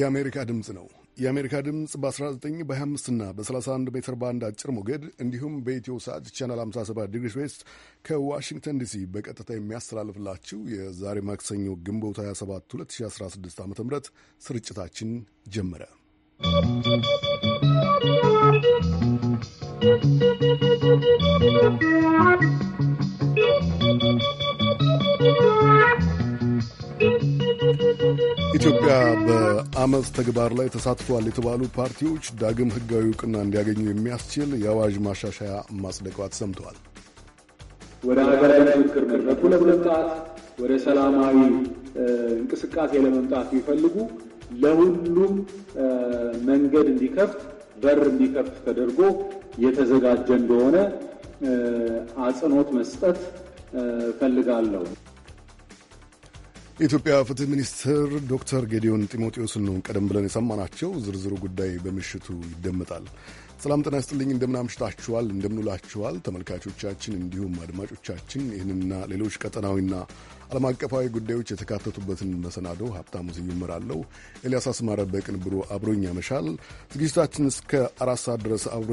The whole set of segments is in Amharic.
የአሜሪካ ድምፅ ነው። የአሜሪካ ድምፅ በ19 በ25 እና በ31 ሜትር ባንድ አጭር ሞገድ እንዲሁም በኢትዮ ሰዓት ቻናል 57 ዲግሪ ዌስት ከዋሽንግተን ዲሲ በቀጥታ የሚያስተላልፍላችሁ የዛሬ ማክሰኞ ግንቦት 27 2016 ዓ ም ስርጭታችን ጀመረ። ¶¶ ኢትዮጵያ በአመፅ ተግባር ላይ ተሳትፏል የተባሉ ፓርቲዎች ዳግም ህጋዊ እውቅና እንዲያገኙ የሚያስችል የአዋጅ ማሻሻያ ማጽደቋ ተሰምተዋል። ወደ ሀገራዊ ምክክር መድረኩ ለመምጣት ወደ ሰላማዊ እንቅስቃሴ ለመምጣት ቢፈልጉ ለሁሉም መንገድ እንዲከፍት በር እንዲከፍት ተደርጎ የተዘጋጀ እንደሆነ አጽንኦት መስጠት እፈልጋለሁ። የኢትዮጵያ ፍትህ ሚኒስትር ዶክተር ጌዲዮን ጢሞቴዎስን ነው ቀደም ብለን የሰማናቸው። ዝርዝሩ ጉዳይ በምሽቱ ይደመጣል። ሰላም ጤና ይስጥልኝ። እንደምናምሽታችኋል፣ እንደምንውላችኋል ተመልካቾቻችን፣ እንዲሁም አድማጮቻችን ይህንና ሌሎች ቀጠናዊና ዓለም አቀፋዊ ጉዳዮች የተካተቱበትን መሰናዶ ሀብታሙ ስዩም እመራለሁ። ኤልያስ አስማረ በቅንብሩ አብሮኝ ያመሻል። ዝግጅታችን እስከ አራት ሰዓት ድረስ አብሮ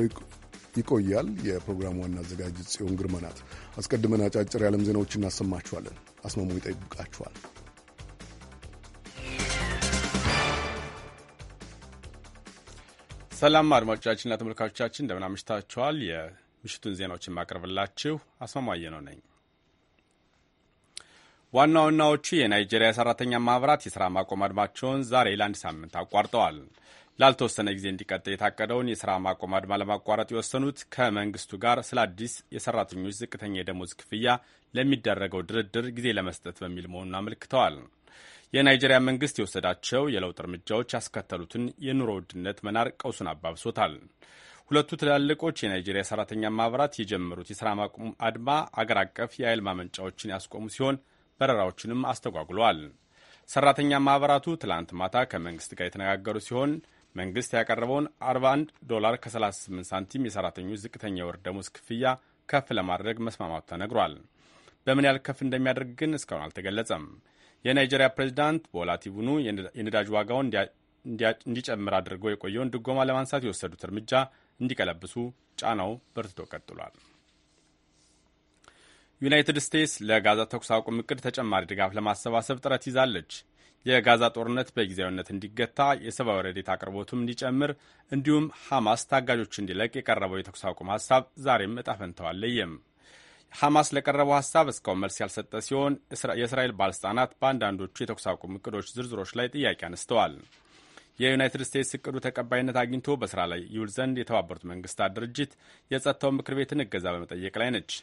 ይቆያል። የፕሮግራሙ ዋና አዘጋጅ ጽዮን ግርማ ናት። አስቀድመን አጫጭር የዓለም ዜናዎችን እናሰማችኋለን። አስማሙ ይጠብቃችኋል። ሰላም አድማጮቻችንና ተመልካቾቻችን እንደምን አምሽታችኋል። የምሽቱን ዜናዎችን ማቅረብላችሁ አስማማየ ነው ነኝ። ዋና ዋናዎቹ የናይጄሪያ ሰራተኛ ማህበራት የሥራ ማቆም አድማቸውን ዛሬ ለአንድ ሳምንት አቋርጠዋል። ላልተወሰነ ጊዜ እንዲቀጥል የታቀደውን የሥራ ማቆም አድማ ለማቋረጥ የወሰኑት ከመንግስቱ ጋር ስለ አዲስ የሰራተኞች ዝቅተኛ የደሞዝ ክፍያ ለሚደረገው ድርድር ጊዜ ለመስጠት በሚል መሆኑን አመልክተዋል። የናይጄሪያ መንግስት የወሰዳቸው የለውጥ እርምጃዎች ያስከተሉትን የኑሮ ውድነት መናር ቀውሱን አባብሶታል። ሁለቱ ትላልቆች የናይጄሪያ ሰራተኛ ማህበራት የጀመሩት የሥራ ማቆም አድማ አገር አቀፍ የኃይል ማመንጫዎችን ያስቆሙ ሲሆን በረራዎችንም አስተጓጉለዋል። ሰራተኛ ማህበራቱ ትላንት ማታ ከመንግስት ጋር የተነጋገሩ ሲሆን መንግስት ያቀረበውን 41 ዶላር ከ38 ሳንቲም የሰራተኞች ዝቅተኛ የወር ደሞዝ ክፍያ ከፍ ለማድረግ መስማማቱ ተነግሯል። በምን ያህል ከፍ እንደሚያደርግ ግን እስካሁን አልተገለጸም። የናይጄሪያ ፕሬዚዳንት ቦላ ቲኑቡ የነዳጅ ዋጋውን እንዲጨምር አድርገው የቆየውን ድጎማ ለማንሳት የወሰዱት እርምጃ እንዲቀለብሱ ጫናው በርትቶ ቀጥሏል። ዩናይትድ ስቴትስ ለጋዛ ተኩስ አቁም እቅድ ተጨማሪ ድጋፍ ለማሰባሰብ ጥረት ይዛለች። የጋዛ ጦርነት በጊዜያዊነት እንዲገታ የሰብአዊ ረዴት አቅርቦቱም እንዲጨምር እንዲሁም ሐማስ ታጋጆች እንዲለቅ የቀረበው የተኩስ አቁም ሀሳብ ዛሬም እጣ ፈንታው ሐማስ ለቀረበው ሀሳብ እስካሁን መልስ ያልሰጠ ሲሆን የእስራኤል ባለሥልጣናት በአንዳንዶቹ የተኩስ አቁም እቅዶች ዝርዝሮች ላይ ጥያቄ አነስተዋል። የዩናይትድ ስቴትስ እቅዱ ተቀባይነት አግኝቶ በስራ ላይ ይውል ዘንድ የተባበሩት መንግስታት ድርጅት የጸጥታው ምክር ቤትን እገዛ በመጠየቅ ላይ ነች።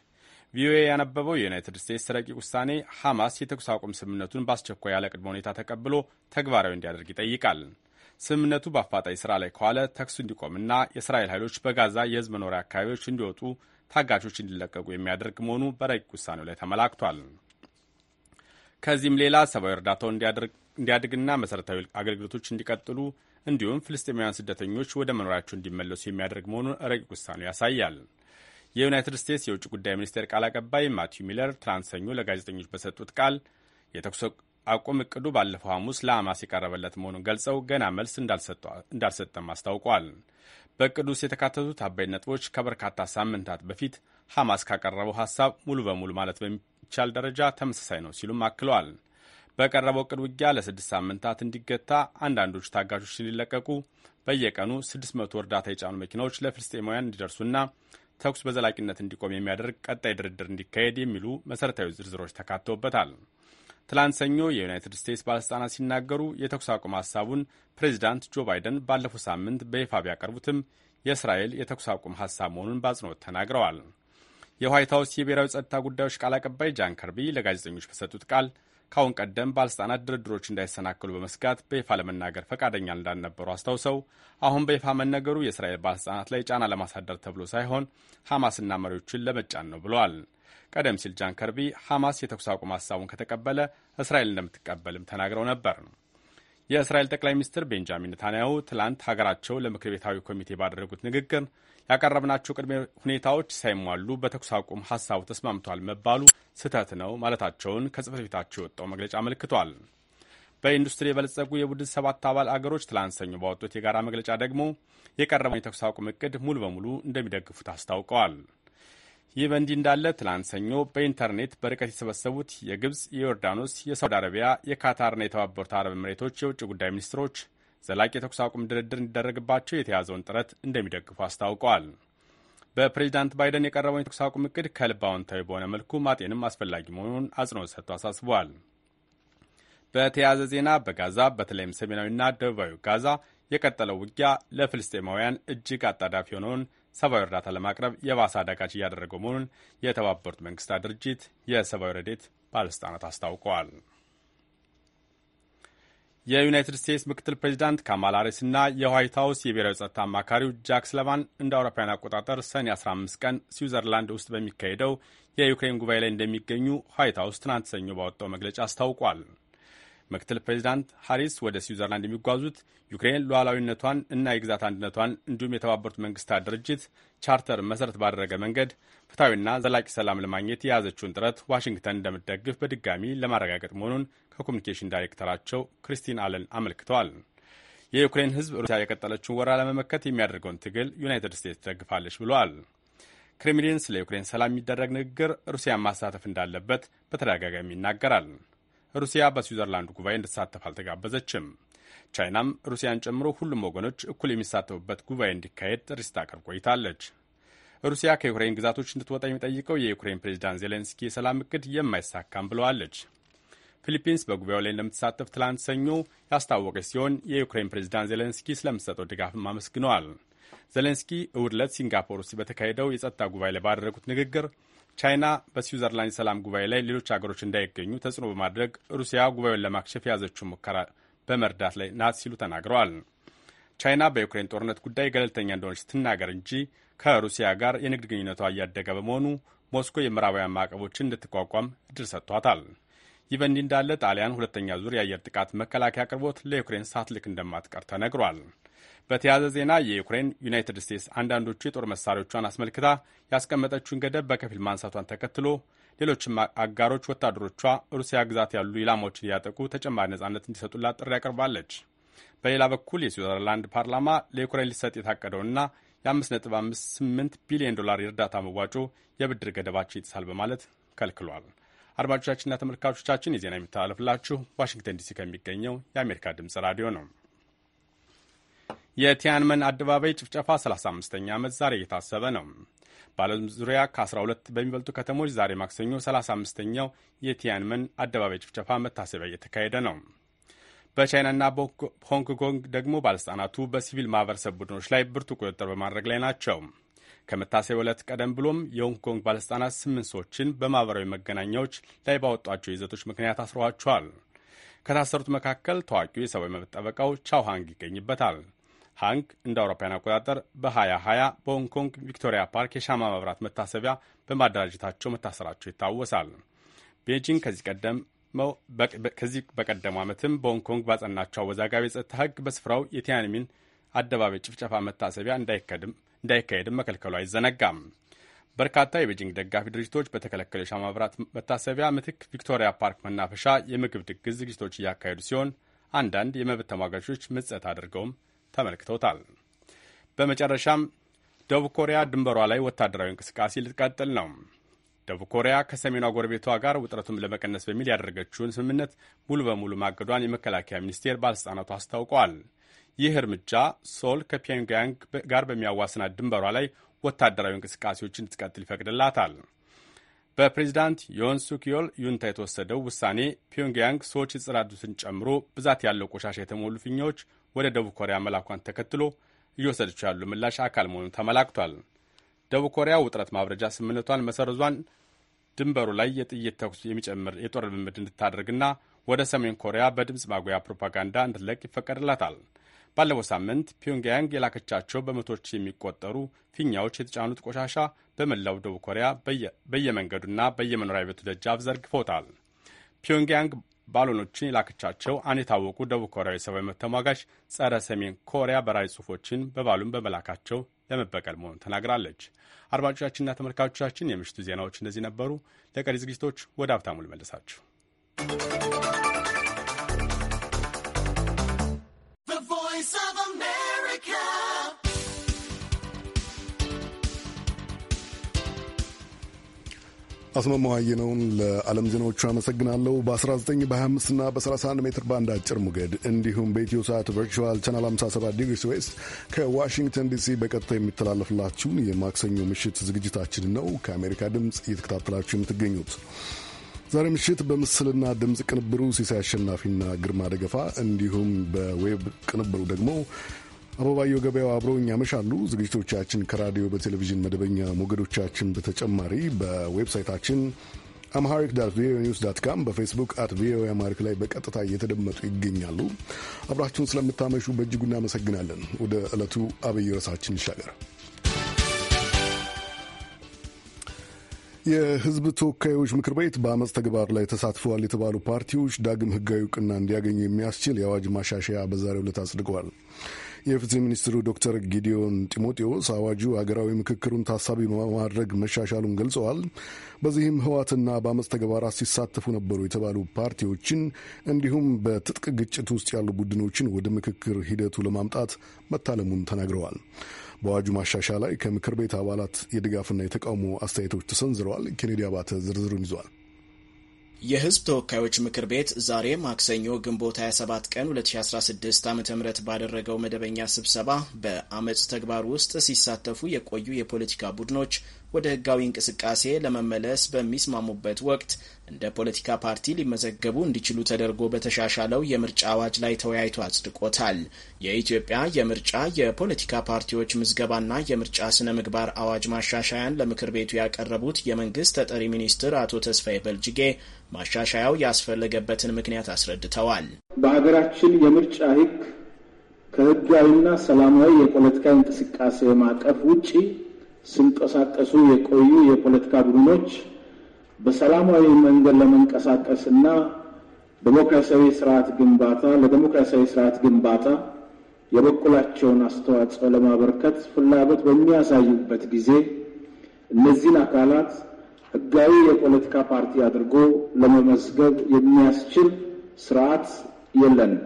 ቪኦኤ ያነበበው የዩናይትድ ስቴትስ ረቂቅ ውሳኔ ሐማስ የተኩስ አቁም ስምምነቱን በአስቸኳይ ያለ ቅድመ ሁኔታ ተቀብሎ ተግባራዊ እንዲያደርግ ይጠይቃል። ስምምነቱ በአፋጣኝ ስራ ላይ ከዋለ ተኩሱ እንዲቆምና የእስራኤል ኃይሎች በጋዛ የህዝብ መኖሪያ አካባቢዎች እንዲወጡ ታጋቾች እንዲለቀቁ የሚያደርግ መሆኑ በረቂቅ ውሳኔው ላይ ተመላክቷል። ከዚህም ሌላ ሰብአዊ እርዳታው እንዲያድግና መሠረታዊ አገልግሎቶች እንዲቀጥሉ እንዲሁም ፍልስጤማውያን ስደተኞች ወደ መኖሪያቸው እንዲመለሱ የሚያደርግ መሆኑን ረቂቅ ውሳኔው ያሳያል። የዩናይትድ ስቴትስ የውጭ ጉዳይ ሚኒስቴር ቃል አቀባይ ማቲው ሚለር ትናንት ሰኞ ለጋዜጠኞች በሰጡት ቃል የተኩስ አቁም እቅዱ ባለፈው ሐሙስ ለሐማስ የቀረበለት መሆኑን ገልጸው ገና መልስ እንዳልሰጠም አስታውቋል። በእቅዱ ውስጥ የተካተቱት አበይት ነጥቦች ከበርካታ ሳምንታት በፊት ሐማስ ካቀረበው ሐሳብ ሙሉ በሙሉ ማለት በሚቻል ደረጃ ተመሳሳይ ነው ሲሉም አክለዋል። በቀረበው እቅድ ውጊያ ለስድስት ሳምንታት እንዲገታ፣ አንዳንዶቹ ታጋቾች እንዲለቀቁ፣ በየቀኑ 600 እርዳታ የጫኑ መኪናዎች ለፍልስጤማውያን እንዲደርሱና ተኩስ በዘላቂነት እንዲቆም የሚያደርግ ቀጣይ ድርድር እንዲካሄድ የሚሉ መሠረታዊ ዝርዝሮች ተካተውበታል። ትላንት ሰኞ የዩናይትድ ስቴትስ ባለሥልጣናት ሲናገሩ የተኩስ አቁም ሐሳቡን ፕሬዚዳንት ጆ ባይደን ባለፈው ሳምንት በይፋ ቢያቀርቡትም የእስራኤል የተኩስ አቁም ሐሳብ መሆኑን በአጽንኦት ተናግረዋል። የዋይት ሀውስ የብሔራዊ ጸጥታ ጉዳዮች ቃል አቀባይ ጃን ከርቢ ለጋዜጠኞች በሰጡት ቃል ከአሁን ቀደም ባለሥልጣናት ድርድሮች እንዳይሰናከሉ በመስጋት በይፋ ለመናገር ፈቃደኛ እንዳልነበሩ አስታውሰው አሁን በይፋ መነገሩ የእስራኤል ባለሥልጣናት ላይ ጫና ለማሳደር ተብሎ ሳይሆን ሐማስና መሪዎችን ለመጫን ነው ብለዋል። ቀደም ሲል ጃን ከርቢ ሐማስ የተኩስ አቁም ሀሳቡን ከተቀበለ እስራኤል እንደምትቀበልም ተናግረው ነበር። የእስራኤል ጠቅላይ ሚኒስትር ቤንጃሚን ኔታንያሁ ትላንት ሀገራቸው ለምክር ቤታዊ ኮሚቴ ባደረጉት ንግግር ያቀረብናቸው ቅድመ ሁኔታዎች ሳይሟሉ በተኩስ አቁም ሀሳቡ ተስማምቷል መባሉ ስህተት ነው ማለታቸውን ከጽህፈት ቤታቸው የወጣው መግለጫ አመልክቷል። በኢንዱስትሪ የበለጸጉ የቡድን ሰባት አባል አገሮች ትላንት ሰኞ ባወጡት የጋራ መግለጫ ደግሞ የቀረበውን የተኩስ አቁም እቅድ ሙሉ በሙሉ እንደሚደግፉት አስታውቀዋል። ይህ በእንዲህ እንዳለ ትላንት ሰኞ በኢንተርኔት በርቀት የተሰበሰቡት የግብፅ፣ የዮርዳኖስ፣ የሳውዲ አረቢያ፣ የካታርና የተባበሩት አረብ ኤምሬቶች የውጭ ጉዳይ ሚኒስትሮች ዘላቂ የተኩስ አቁም ድርድር እንዲደረግባቸው የተያዘውን ጥረት እንደሚደግፉ አስታውቀዋል። በፕሬዚዳንት ባይደን የቀረበውን የተኩስ አቁም እቅድ ከልብ አዎንታዊ በሆነ መልኩ ማጤንም አስፈላጊ መሆኑን አጽንኦት ሰጥቶ አሳስቧል። በተያያዘ ዜና በጋዛ በተለይም ሰሜናዊና ደቡባዊ ጋዛ የቀጠለው ውጊያ ለፍልስጤማውያን እጅግ አጣዳፊ የሆነውን ሰብአዊ እርዳታ ለማቅረብ የባሰ አዳጋች እያደረገው መሆኑን የተባበሩት መንግስታት ድርጅት የሰብአዊ ረዴት ባለስልጣናት አስታውቀዋል። የዩናይትድ ስቴትስ ምክትል ፕሬዚዳንት ካማላ ሃሪስና የዋይት ሀውስ የብሔራዊ ጸጥታ አማካሪው ጃክ ስለቫን እንደ አውሮፓውያን አቆጣጠር ሰኔ 15 ቀን ስዊዘርላንድ ውስጥ በሚካሄደው የዩክሬን ጉባኤ ላይ እንደሚገኙ ዋይት ሀውስ ትናንት ሰኞ ባወጣው መግለጫ አስታውቋል። ምክትል ፕሬዚዳንት ሀሪስ ወደ ስዊዘርላንድ የሚጓዙት ዩክሬን ሉዓላዊነቷን እና የግዛት አንድነቷን እንዲሁም የተባበሩት መንግስታት ድርጅት ቻርተር መሰረት ባደረገ መንገድ ፍትሐዊና ዘላቂ ሰላም ለማግኘት የያዘችውን ጥረት ዋሽንግተን እንደምትደግፍ በድጋሚ ለማረጋገጥ መሆኑን ከኮሚኒኬሽን ዳይሬክተራቸው ክሪስቲን አለን አመልክተዋል። የዩክሬን ህዝብ ሩሲያ የቀጠለችውን ወራ ለመመከት የሚያደርገውን ትግል ዩናይትድ ስቴትስ ትደግፋለች ብለዋል። ክሬምሊን ስለ ዩክሬን ሰላም የሚደረግ ንግግር ሩሲያን ማሳተፍ እንዳለበት በተደጋጋሚ ይናገራል። ሩሲያ በስዊዘርላንዱ ጉባኤ እንድትሳተፍ አልተጋበዘችም። ቻይናም ሩሲያን ጨምሮ ሁሉም ወገኖች እኩል የሚሳተፉበት ጉባኤ እንዲካሄድ ጥሪ ስታቀርብ ቆይታለች። ሩሲያ ከዩክሬን ግዛቶች እንድትወጣ የሚጠይቀው የዩክሬን ፕሬዚዳንት ዜሌንስኪ የሰላም እቅድ የማይሳካም ብለዋለች። ፊሊፒንስ በጉባኤው ላይ እንደምትሳተፍ ትላንት ሰኞ ያስታወቀች ሲሆን የዩክሬን ፕሬዚዳንት ዜሌንስኪ ስለምትሰጠው ድጋፍም አመስግነዋል። ዜሌንስኪ እሁድ ዕለት ሲንጋፖር ውስጥ በተካሄደው የጸጥታ ጉባኤ ላይ ባደረጉት ንግግር ቻይና በስዊዘርላንድ ሰላም ጉባኤ ላይ ሌሎች አገሮች እንዳይገኙ ተጽዕኖ በማድረግ ሩሲያ ጉባኤውን ለማክሸፍ የያዘችውን ሙከራ በመርዳት ላይ ናት ሲሉ ተናግረዋል። ቻይና በዩክሬን ጦርነት ጉዳይ ገለልተኛ እንደሆነች ስትናገር እንጂ ከሩሲያ ጋር የንግድ ግንኙነቷ እያደገ በመሆኑ ሞስኮ የምዕራባውያን ማዕቀቦችን እንድትቋቋም እድል ሰጥቷታል። ይህ በእንዲህ እንዳለ ጣሊያን ሁለተኛ ዙር የአየር ጥቃት መከላከያ አቅርቦት ለዩክሬን ሳትልክ እንደማትቀር ተነግሯል። በተያያዘ ዜና የዩክሬን ዩናይትድ ስቴትስ አንዳንዶቹ የጦር መሳሪያዎቿን አስመልክታ ያስቀመጠችውን ገደብ በከፊል ማንሳቷን ተከትሎ ሌሎችም አጋሮች ወታደሮቿ ሩሲያ ግዛት ያሉ ኢላማዎችን እያጠቁ ተጨማሪ ነጻነት እንዲሰጡላት ጥሪ አቅርባለች። በሌላ በኩል የስዊዘርላንድ ፓርላማ ለዩክሬን ሊሰጥ የታቀደውና የ5.58 ቢሊዮን ዶላር የእርዳታ መዋጮ የብድር ገደባቸው ይጥሳል በማለት ከልክሏል። አድማጮቻችንና ተመልካቾቻችን የዜና የሚተላለፍላችሁ ዋሽንግተን ዲሲ ከሚገኘው የአሜሪካ ድምፅ ራዲዮ ነው። የቲያንመን አደባባይ ጭፍጨፋ 35ኛ ዓመት ዛሬ እየታሰበ ነው። በዓለም ዙሪያ ከ12 በሚበልጡ ከተሞች ዛሬ ማክሰኞ 35ኛው የቲያንመን አደባባይ ጭፍጨፋ መታሰቢያ እየተካሄደ ነው። በቻይናና በሆንግ ኮንግ ደግሞ ባለሥልጣናቱ በሲቪል ማህበረሰብ ቡድኖች ላይ ብርቱ ቁጥጥር በማድረግ ላይ ናቸው። ከመታሰቢያ ዕለት ቀደም ብሎም የሆንግ ኮንግ ባለሥልጣናት ስምንት ሰዎችን በማኅበራዊ መገናኛዎች ላይ ባወጧቸው ይዘቶች ምክንያት አስረዋቸዋል። ከታሰሩት መካከል ታዋቂው የሰብአዊ መብት ጠበቃው ቻው ሃንግ ይገኝበታል። ሃንግ እንደ አውሮፓውያን አቆጣጠር በ2020 በሆንግ ኮንግ ቪክቶሪያ ፓርክ የሻማ መብራት መታሰቢያ በማደራጀታቸው መታሰራቸው ይታወሳል። ቤጂንግ ከዚህ ቀደም ከዚህ በቀደሙ ዓመትም በሆንግ ኮንግ ባጸናቸው አወዛጋቢ የጸጥታ ሕግ በስፍራው የቲያንሚን አደባባይ ጭፍጨፋ መታሰቢያ እንዳይከድም እንዳይካሄድም መከልከሉ አይዘነጋም። በርካታ የቤጂንግ ደጋፊ ድርጅቶች በተከለከለ የሻማ መብራት መታሰቢያ ምትክ ቪክቶሪያ ፓርክ መናፈሻ የምግብ ድግስ ዝግጅቶች እያካሄዱ ሲሆን አንዳንድ የመብት ተሟጋቾች ምጸት አድርገውም ተመልክተውታል። በመጨረሻም ደቡብ ኮሪያ ድንበሯ ላይ ወታደራዊ እንቅስቃሴ ልትቀጥል ነው። ደቡብ ኮሪያ ከሰሜኗ ጎረቤቷ ጋር ውጥረቱን ለመቀነስ በሚል ያደረገችውን ስምምነት ሙሉ በሙሉ ማገዷን የመከላከያ ሚኒስቴር ባለሥልጣናቱ አስታውቀዋል። ይህ እርምጃ ሶል ከፒዮንግያንግ ጋር በሚያዋስናት ድንበሯ ላይ ወታደራዊ እንቅስቃሴዎች እንድትቀጥል ይፈቅድላታል። በፕሬዚዳንት ዮን ሱኪዮል ዩንታ የተወሰደው ውሳኔ ፒዮንግያንግ ሰዎች የተጸዳዱትን ጨምሮ ብዛት ያለው ቆሻሻ የተሞሉ ፊኛዎች ወደ ደቡብ ኮሪያ መላኳን ተከትሎ እየወሰደችው ያሉ ምላሽ አካል መሆኑን ተመላክቷል። ደቡብ ኮሪያ ውጥረት ማብረጃ ስምምነቷን መሰረዟን ድንበሩ ላይ የጥይት ተኩስ የሚጨምር የጦር ልምምድ እንድታደርግና ወደ ሰሜን ኮሪያ በድምፅ ማጉያ ፕሮፓጋንዳ እንድትለቅ ይፈቀድላታል። ባለፈው ሳምንት ፒዮንግያንግ የላከቻቸው በመቶዎች የሚቆጠሩ ፊኛዎች የተጫኑት ቆሻሻ በመላው ደቡብ ኮሪያ በየመንገዱና በየመኖሪያ ቤቱ ደጃፍ ዘርግፈውታል። ፒዮንግያንግ ባሎኖችን የላከቻቸው አንድ የታወቁ ደቡብ ኮሪያዊ ሰብአዊ መብት ተሟጋች ጸረ ሰሜን ኮሪያ በራሪ ጽሁፎችን በባሉን በመላካቸው ለመበቀል መሆኑን ተናግራለች። አድማጮቻችንና ተመልካቾቻችን የምሽቱ ዜናዎች እንደዚህ ነበሩ። ለቀሪ ዝግጅቶች ወደ ሀብታሙ ልመልሳችሁ። አስማማዋዬ ነውን ለዓለም ዜናዎቹ አመሰግናለሁ። በ19 በ25 እና በ31 ሜትር ባንድ አጭር ሞገድ እንዲሁም በኢትዮ ሰዓት ቨርቹዋል ቻናል 57 ዲግሪስ ዌስት ከዋሽንግተን ዲሲ በቀጥታ የሚተላለፍላችሁን የማክሰኞ ምሽት ዝግጅታችን ነው ከአሜሪካ ድምፅ እየተከታተላችሁ የምትገኙት። ዛሬ ምሽት በምስልና ድምፅ ቅንብሩ ሲሳይ አሸናፊና ግርማ ደገፋ እንዲሁም በዌብ ቅንብሩ ደግሞ አበባየው ገበያው አብረውኝ ያመሻሉ። ዝግጅቶቻችን ከራዲዮ በቴሌቪዥን መደበኛ ሞገዶቻችን በተጨማሪ በዌብሳይታችን አምሃሪክ ዳት ቪኦኤ ኒውስ ዳት ካም በፌስቡክ አት ቪኦኤ አማሪክ ላይ በቀጥታ እየተደመጡ ይገኛሉ። አብራችሁን ስለምታመሹ በእጅጉ እናመሰግናለን። ወደ ዕለቱ አብይ ርዕሳችን ይሻገር። የሕዝብ ተወካዮች ምክር ቤት በአመፅ ተግባር ላይ ተሳትፈዋል የተባሉ ፓርቲዎች ዳግም ሕጋዊ እውቅና እንዲያገኙ የሚያስችል የአዋጅ ማሻሻያ በዛሬው ዕለት አጽድቀዋል። የፍትህ ሚኒስትሩ ዶክተር ጊዲዮን ጢሞቴዎስ አዋጁ ሀገራዊ ምክክሩን ታሳቢ በማድረግ መሻሻሉን ገልጸዋል። በዚህም ህዋትና በአመፅ ተግባራት ሲሳተፉ ነበሩ የተባሉ ፓርቲዎችን እንዲሁም በትጥቅ ግጭት ውስጥ ያሉ ቡድኖችን ወደ ምክክር ሂደቱ ለማምጣት መታለሙን ተናግረዋል። በአዋጁ ማሻሻያ ላይ ከምክር ቤት አባላት የድጋፍና የተቃውሞ አስተያየቶች ተሰንዝረዋል። ኬኔዲ አባተ ዝርዝሩን ይዟል። የህዝብ ተወካዮች ምክር ቤት ዛሬ ማክሰኞ ግንቦት 27 ቀን 2016 ዓ ም ባደረገው መደበኛ ስብሰባ በአመፅ ተግባር ውስጥ ሲሳተፉ የቆዩ የፖለቲካ ቡድኖች ወደ ህጋዊ እንቅስቃሴ ለመመለስ በሚስማሙበት ወቅት እንደ ፖለቲካ ፓርቲ ሊመዘገቡ እንዲችሉ ተደርጎ በተሻሻለው የምርጫ አዋጅ ላይ ተወያይቶ አጽድቆታል። የኢትዮጵያ የምርጫ የፖለቲካ ፓርቲዎች ምዝገባና የምርጫ ስነ ምግባር አዋጅ ማሻሻያን ለምክር ቤቱ ያቀረቡት የመንግስት ተጠሪ ሚኒስትር አቶ ተስፋዬ በልጅጌ ማሻሻያው ያስፈለገበትን ምክንያት አስረድተዋል። በሀገራችን የምርጫ ህግ ከህጋዊና ሰላማዊ የፖለቲካ እንቅስቃሴ ማዕቀፍ ውጪ ሲንቀሳቀሱ የቆዩ የፖለቲካ ቡድኖች በሰላማዊ መንገድ ለመንቀሳቀስና ዲሞክራሲያዊ ስርዓት ግንባታ ለዲሞክራሲያዊ ስርዓት ግንባታ የበኩላቸውን አስተዋጽኦ ለማበርከት ፍላጎት በሚያሳዩበት ጊዜ እነዚህን አካላት ህጋዊ የፖለቲካ ፓርቲ አድርጎ ለመመዝገብ የሚያስችል ስርዓት የለንም።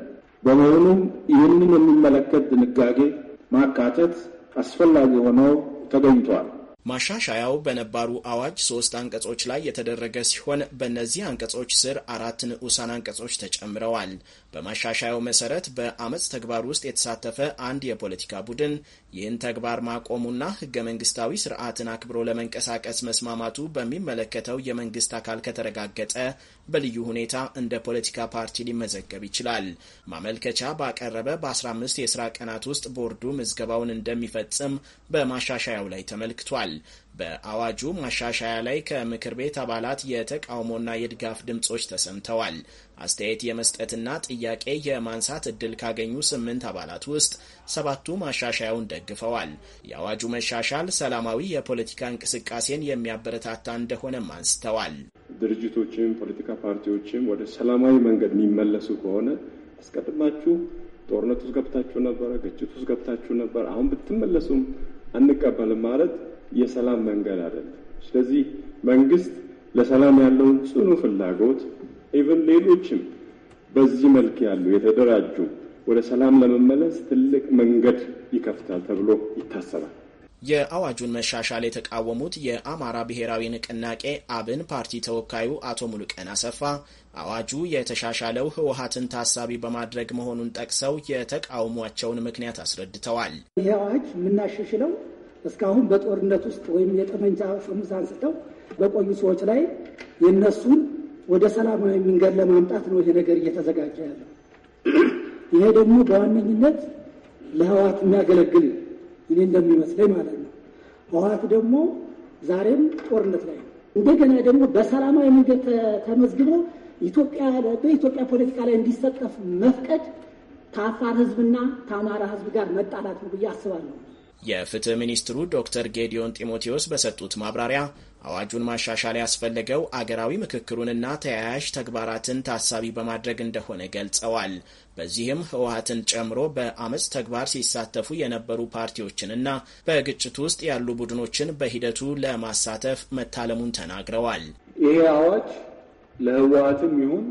በመሆኑም ይህንን የሚመለከት ድንጋጌ ማካተት አስፈላጊ ሆነው ተገኝቷል። ማሻሻያው በነባሩ አዋጅ ሶስት አንቀጾች ላይ የተደረገ ሲሆን በእነዚህ አንቀጾች ስር አራት ንዑሳን አንቀጾች ተጨምረዋል። በማሻሻያው መሰረት በአመፅ ተግባር ውስጥ የተሳተፈ አንድ የፖለቲካ ቡድን ይህን ተግባር ማቆሙና ህገ መንግስታዊ ስርዓትን አክብሮ ለመንቀሳቀስ መስማማቱ በሚመለከተው የመንግስት አካል ከተረጋገጠ በልዩ ሁኔታ እንደ ፖለቲካ ፓርቲ ሊመዘገብ ይችላል። ማመልከቻ ባቀረበ በ15 የስራ ቀናት ውስጥ ቦርዱ ምዝገባውን እንደሚፈጽም በማሻሻያው ላይ ተመልክቷል። በአዋጁ ማሻሻያ ላይ ከምክር ቤት አባላት የተቃውሞና የድጋፍ ድምጾች ተሰምተዋል። አስተያየት የመስጠትና ጥያቄ የማንሳት እድል ካገኙ ስምንት አባላት ውስጥ ሰባቱ ማሻሻያውን ደግፈዋል። የአዋጁ መሻሻል ሰላማዊ የፖለቲካ እንቅስቃሴን የሚያበረታታ እንደሆነም አንስተዋል። ድርጅቶችም ፖለቲካ ፓርቲዎችም ወደ ሰላማዊ መንገድ የሚመለሱ ከሆነ አስቀድማችሁ ጦርነት ውስጥ ገብታችሁ ነበረ፣ ግጭት ውስጥ ገብታችሁ ነበር፣ አሁን ብትመለሱም አንቀበልም ማለት የሰላም መንገድ አይደለም። ስለዚህ መንግስት ለሰላም ያለውን ጽኑ ፍላጎት ኢቨን ሌሎችም በዚህ መልክ ያሉ የተደራጁ ወደ ሰላም ለመመለስ ትልቅ መንገድ ይከፍታል ተብሎ ይታሰባል። የአዋጁን መሻሻል የተቃወሙት የአማራ ብሔራዊ ንቅናቄ አብን ፓርቲ ተወካዩ አቶ ሙሉቀን አሰፋ አዋጁ የተሻሻለው ህወሀትን ታሳቢ በማድረግ መሆኑን ጠቅሰው የተቃውሟቸውን ምክንያት አስረድተዋል። ይህ አዋጅ የምናሻሽለው እስካሁን በጦርነት ውስጥ ወይም የጠመንጃ አፈሙዝ አንስተው በቆዩ ሰዎች ላይ የነሱን ወደ ሰላማዊ መንገድ ለማምጣት ነው ይሄ ነገር እየተዘጋጀ ያለው። ይሄ ደግሞ በዋነኝነት ለህዋት የሚያገለግል እኔ እንደሚመስለኝ ማለት ነው። ህዋት ደግሞ ዛሬም ጦርነት ላይ ነው። እንደገና ደግሞ በሰላማዊ መንገድ ተመዝግቦ ኢትዮጵያ በኢትዮጵያ ፖለቲካ ላይ እንዲሰጠፍ መፍቀድ ከአፋር ህዝብና ከአማራ ህዝብ ጋር መጣላት ነው ብዬ አስባለሁ። የፍትህ ሚኒስትሩ ዶክተር ጌዲዮን ጢሞቴዎስ በሰጡት ማብራሪያ አዋጁን ማሻሻል ያስፈለገው አገራዊ ምክክሩንና ተያያዥ ተግባራትን ታሳቢ በማድረግ እንደሆነ ገልጸዋል። በዚህም ህወሀትን ጨምሮ በአመፅ ተግባር ሲሳተፉ የነበሩ ፓርቲዎችንና በግጭቱ ውስጥ ያሉ ቡድኖችን በሂደቱ ለማሳተፍ መታለሙን ተናግረዋል። ይሄ አዋጅ ለህወሀትም ይሁን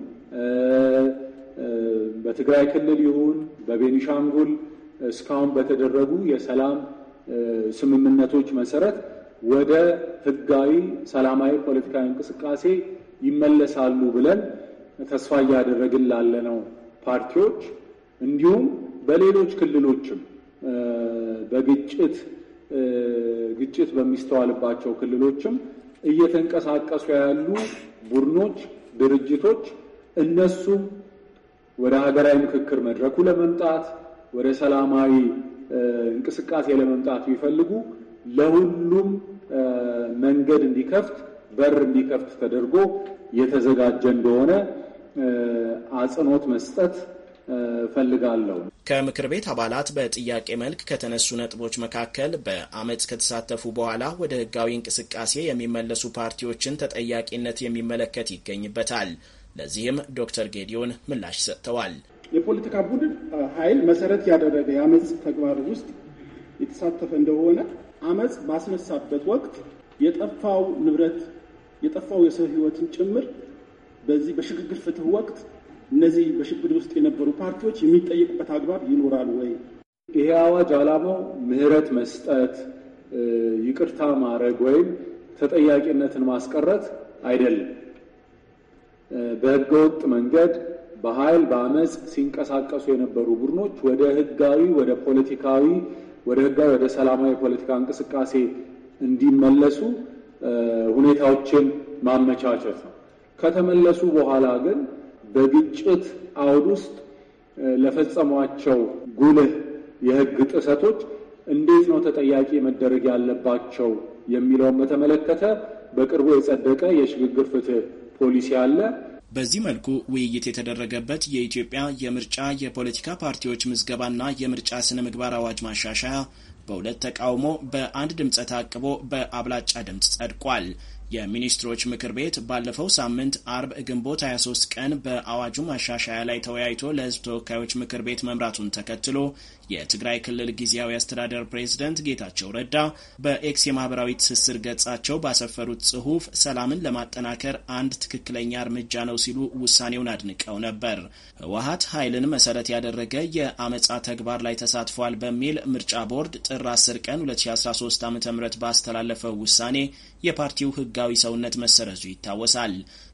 በትግራይ ክልል ይሁን በቤኒሻንጉል እስካሁን በተደረጉ የሰላም ስምምነቶች መሰረት ወደ ህጋዊ ሰላማዊ ፖለቲካዊ እንቅስቃሴ ይመለሳሉ ብለን ተስፋ እያደረግን ላለነው ፓርቲዎች እንዲሁም በሌሎች ክልሎችም በግጭት ግጭት በሚስተዋልባቸው ክልሎችም እየተንቀሳቀሱ ያሉ ቡድኖች፣ ድርጅቶች እነሱ ወደ ሀገራዊ ምክክር መድረኩ ለመምጣት ወደ ሰላማዊ እንቅስቃሴ ለመምጣት ቢፈልጉ ለሁሉም መንገድ እንዲከፍት በር እንዲከፍት ተደርጎ የተዘጋጀ እንደሆነ አጽንኦት መስጠት ፈልጋለሁ። ከምክር ቤት አባላት በጥያቄ መልክ ከተነሱ ነጥቦች መካከል በአመፅ ከተሳተፉ በኋላ ወደ ህጋዊ እንቅስቃሴ የሚመለሱ ፓርቲዎችን ተጠያቂነት የሚመለከት ይገኝበታል። ለዚህም ዶክተር ጌዲዮን ምላሽ ሰጥተዋል። የፖለቲካ ቡድን ኃይል መሰረት ያደረገ የአመፅ ተግባር ውስጥ የተሳተፈ እንደሆነ አመፅ ባስነሳበት ወቅት የጠፋው ንብረት የጠፋው የሰው ህይወትን ጭምር በዚህ በሽግግር ፍትህ ወቅት እነዚህ በሽግግር ውስጥ የነበሩ ፓርቲዎች የሚጠየቁበት አግባብ ይኖራል ወይ? ይሄ አዋጅ ዓላማው ምህረት መስጠት፣ ይቅርታ ማድረግ ወይም ተጠያቂነትን ማስቀረት አይደለም። በህገወጥ መንገድ በኃይል በአመፅ ሲንቀሳቀሱ የነበሩ ቡድኖች ወደ ህጋዊ ወደ ፖለቲካዊ ወደ ህጋዊ ወደ ሰላማዊ የፖለቲካ እንቅስቃሴ እንዲመለሱ ሁኔታዎችን ማመቻቸት ነው። ከተመለሱ በኋላ ግን በግጭት አውድ ውስጥ ለፈጸሟቸው ጉልህ የህግ ጥሰቶች እንዴት ነው ተጠያቂ መደረግ ያለባቸው የሚለውን በተመለከተ በቅርቡ የጸደቀ የሽግግር ፍትህ ፖሊሲ አለ። በዚህ መልኩ ውይይት የተደረገበት የኢትዮጵያ የምርጫ የፖለቲካ ፓርቲዎች ምዝገባና የምርጫ ስነ ምግባር አዋጅ ማሻሻያ በሁለት ተቃውሞ በአንድ ድምፀ ታቅቦ በአብላጫ ድምፅ ጸድቋል። የሚኒስትሮች ምክር ቤት ባለፈው ሳምንት አርብ ግንቦት 23 ቀን በአዋጁ ማሻሻያ ላይ ተወያይቶ ለሕዝብ ተወካዮች ምክር ቤት መምራቱን ተከትሎ የትግራይ ክልል ጊዜያዊ አስተዳደር ፕሬዝደንት ጌታቸው ረዳ በኤክስ የማህበራዊ ትስስር ገጻቸው ባሰፈሩት ጽሁፍ ሰላምን ለማጠናከር አንድ ትክክለኛ እርምጃ ነው ሲሉ ውሳኔውን አድንቀው ነበር። ህወሀት ኃይልን መሰረት ያደረገ የአመፃ ተግባር ላይ ተሳትፏል በሚል ምርጫ ቦርድ ጥር 10 ቀን 2013 ዓ ም ባስተላለፈው ውሳኔ የፓርቲው ህጋዊ ሰውነት መሰረዙ ይታወሳል።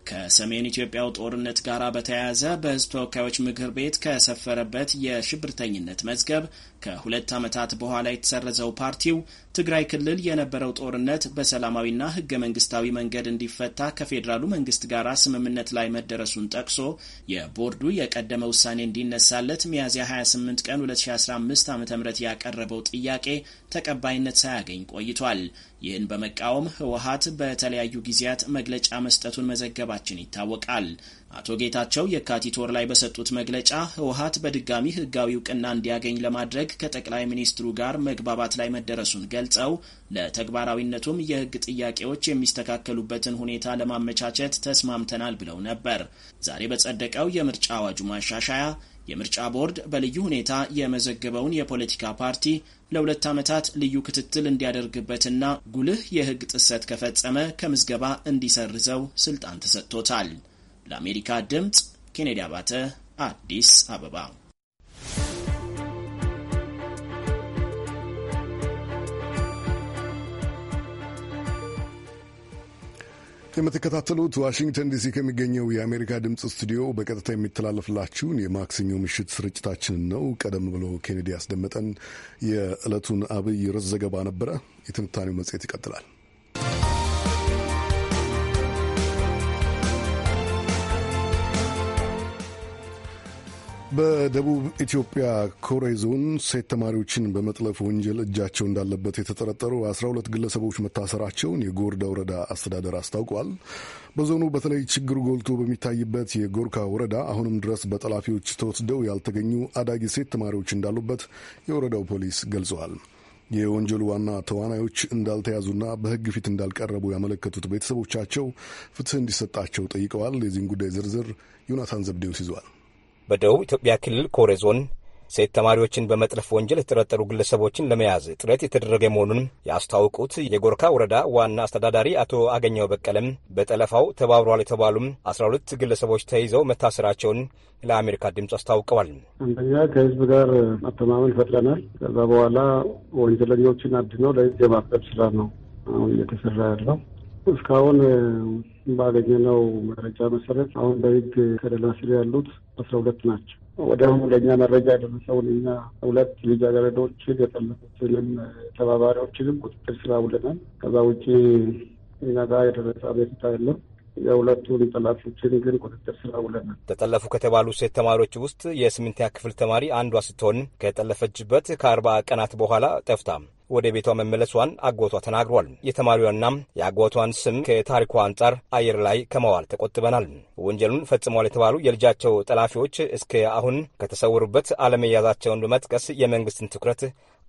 ከሰሜን ኢትዮጵያው ጦርነት ጋር በተያያዘ በሕዝብ ተወካዮች ምክር ቤት ከሰፈረበት የሽብርተኝነት መዝገብ ከሁለት ዓመታት በኋላ የተሰረዘው ፓርቲው ትግራይ ክልል የነበረው ጦርነት በሰላማዊና ህገ መንግስታዊ መንገድ እንዲፈታ ከፌዴራሉ መንግስት ጋር ስምምነት ላይ መደረሱን ጠቅሶ የቦርዱ የቀደመ ውሳኔ እንዲነሳለት ሚያዝያ 28 ቀን 2015 ዓ ም ያቀረበው ጥያቄ ተቀባይነት ሳያገኝ ቆይቷል። ይህን በመቃወም ህወሀት በተለያዩ ጊዜያት መግለጫ መስጠቱን መዘገባችን ይታወቃል። አቶ ጌታቸው የካቲት ወር ላይ በሰጡት መግለጫ ህወሀት በድጋሚ ህጋዊ እውቅና እንዲያገኝ ለማድረግ ከጠቅላይ ሚኒስትሩ ጋር መግባባት ላይ መደረሱን ገልጸው ለተግባራዊነቱም የህግ ጥያቄዎች የሚስተካከሉበትን ሁኔታ ለማመቻቸት ተስማምተናል ብለው ነበር። ዛሬ በጸደቀው የምርጫ አዋጁ ማሻሻያ የምርጫ ቦርድ በልዩ ሁኔታ የመዘገበውን የፖለቲካ ፓርቲ ለሁለት ዓመታት ልዩ ክትትል እንዲያደርግበትና ጉልህ የህግ ጥሰት ከፈጸመ ከምዝገባ እንዲሰርዘው ስልጣን ተሰጥቶታል። ለአሜሪካ ድምፅ ኬኔዲ አባተ አዲስ አበባ። የምትከታተሉት ዋሽንግተን ዲሲ ከሚገኘው የአሜሪካ ድምፅ ስቱዲዮ በቀጥታ የሚተላለፍላችሁን የማክሰኞ ምሽት ስርጭታችንን ነው። ቀደም ብሎ ኬኔዲ ያስደመጠን የዕለቱን አብይ ርዕስ ዘገባ ነበረ። የትንታኔው መጽሔት ይቀጥላል። በደቡብ ኢትዮጵያ ኮሬ ዞን ሴት ተማሪዎችን በመጥለፍ ወንጀል እጃቸው እንዳለበት የተጠረጠሩ 12 ግለሰቦች መታሰራቸውን የጎርዳ ወረዳ አስተዳደር አስታውቋል። በዞኑ በተለይ ችግሩ ጎልቶ በሚታይበት የጎርካ ወረዳ አሁንም ድረስ በጠላፊዎች ተወስደው ያልተገኙ አዳጊ ሴት ተማሪዎች እንዳሉበት የወረዳው ፖሊስ ገልጸዋል። የወንጀሉ ዋና ተዋናዮች እንዳልተያዙና በሕግ ፊት እንዳልቀረቡ ያመለከቱት ቤተሰቦቻቸው ፍትህ እንዲሰጣቸው ጠይቀዋል። የዚህን ጉዳይ ዝርዝር ዮናታን ዘብዴውስ ይዟል። በደቡብ ኢትዮጵያ ክልል ኮሬ ዞን ሴት ተማሪዎችን በመጥለፍ ወንጀል የተጠረጠሩ ግለሰቦችን ለመያዝ ጥረት የተደረገ መሆኑን ያስታውቁት የጎርካ ወረዳ ዋና አስተዳዳሪ አቶ አገኘው በቀለም በጠለፋው ተባብሯል የተባሉም አስራ ሁለት ግለሰቦች ተይዘው መታሰራቸውን ለአሜሪካ ድምፅ አስታውቀዋል። አንደኛ ከህዝብ ጋር መተማመን ፈጥረናል። ከዛ በኋላ ወንጀለኞችን አድነው ለህግ የማቅረብ ስራ ነው አሁን እየተሰራ ያለው እስካሁን ባገኘነው መረጃ መሰረት አሁን በህግ ከለላ ስር ያሉት አስራ ሁለት ናቸው። ወዲያውኑ ለእኛ መረጃ የደረሰውን እኛ ሁለት ልጃገረዶችን የጠለፉትንም ተባባሪዎችንም ቁጥጥር ስራ ውለናል። ከዛ ውጭ እኛ ጋር የደረሰ አቤቱታ የለም። የሁለቱን ጠላፊዎችን ግን ቁጥጥር ስራ ውለናል። ተጠለፉ ከተባሉ ሴት ተማሪዎች ውስጥ የስምንተኛ ክፍል ተማሪ አንዷ ስትሆን ከጠለፈችበት ከአርባ ቀናት በኋላ ጠፍታም። ወደ ቤቷ መመለሷን አጎቷ ተናግሯል። የተማሪዋና የአጎቷን ስም ከታሪኳ አንጻር አየር ላይ ከመዋል ተቆጥበናል። ወንጀሉን ፈጽመዋል የተባሉ የልጃቸው ጠላፊዎች እስከ አሁን ከተሰወሩበት አለመያዛቸውን በመጥቀስ የመንግስትን ትኩረት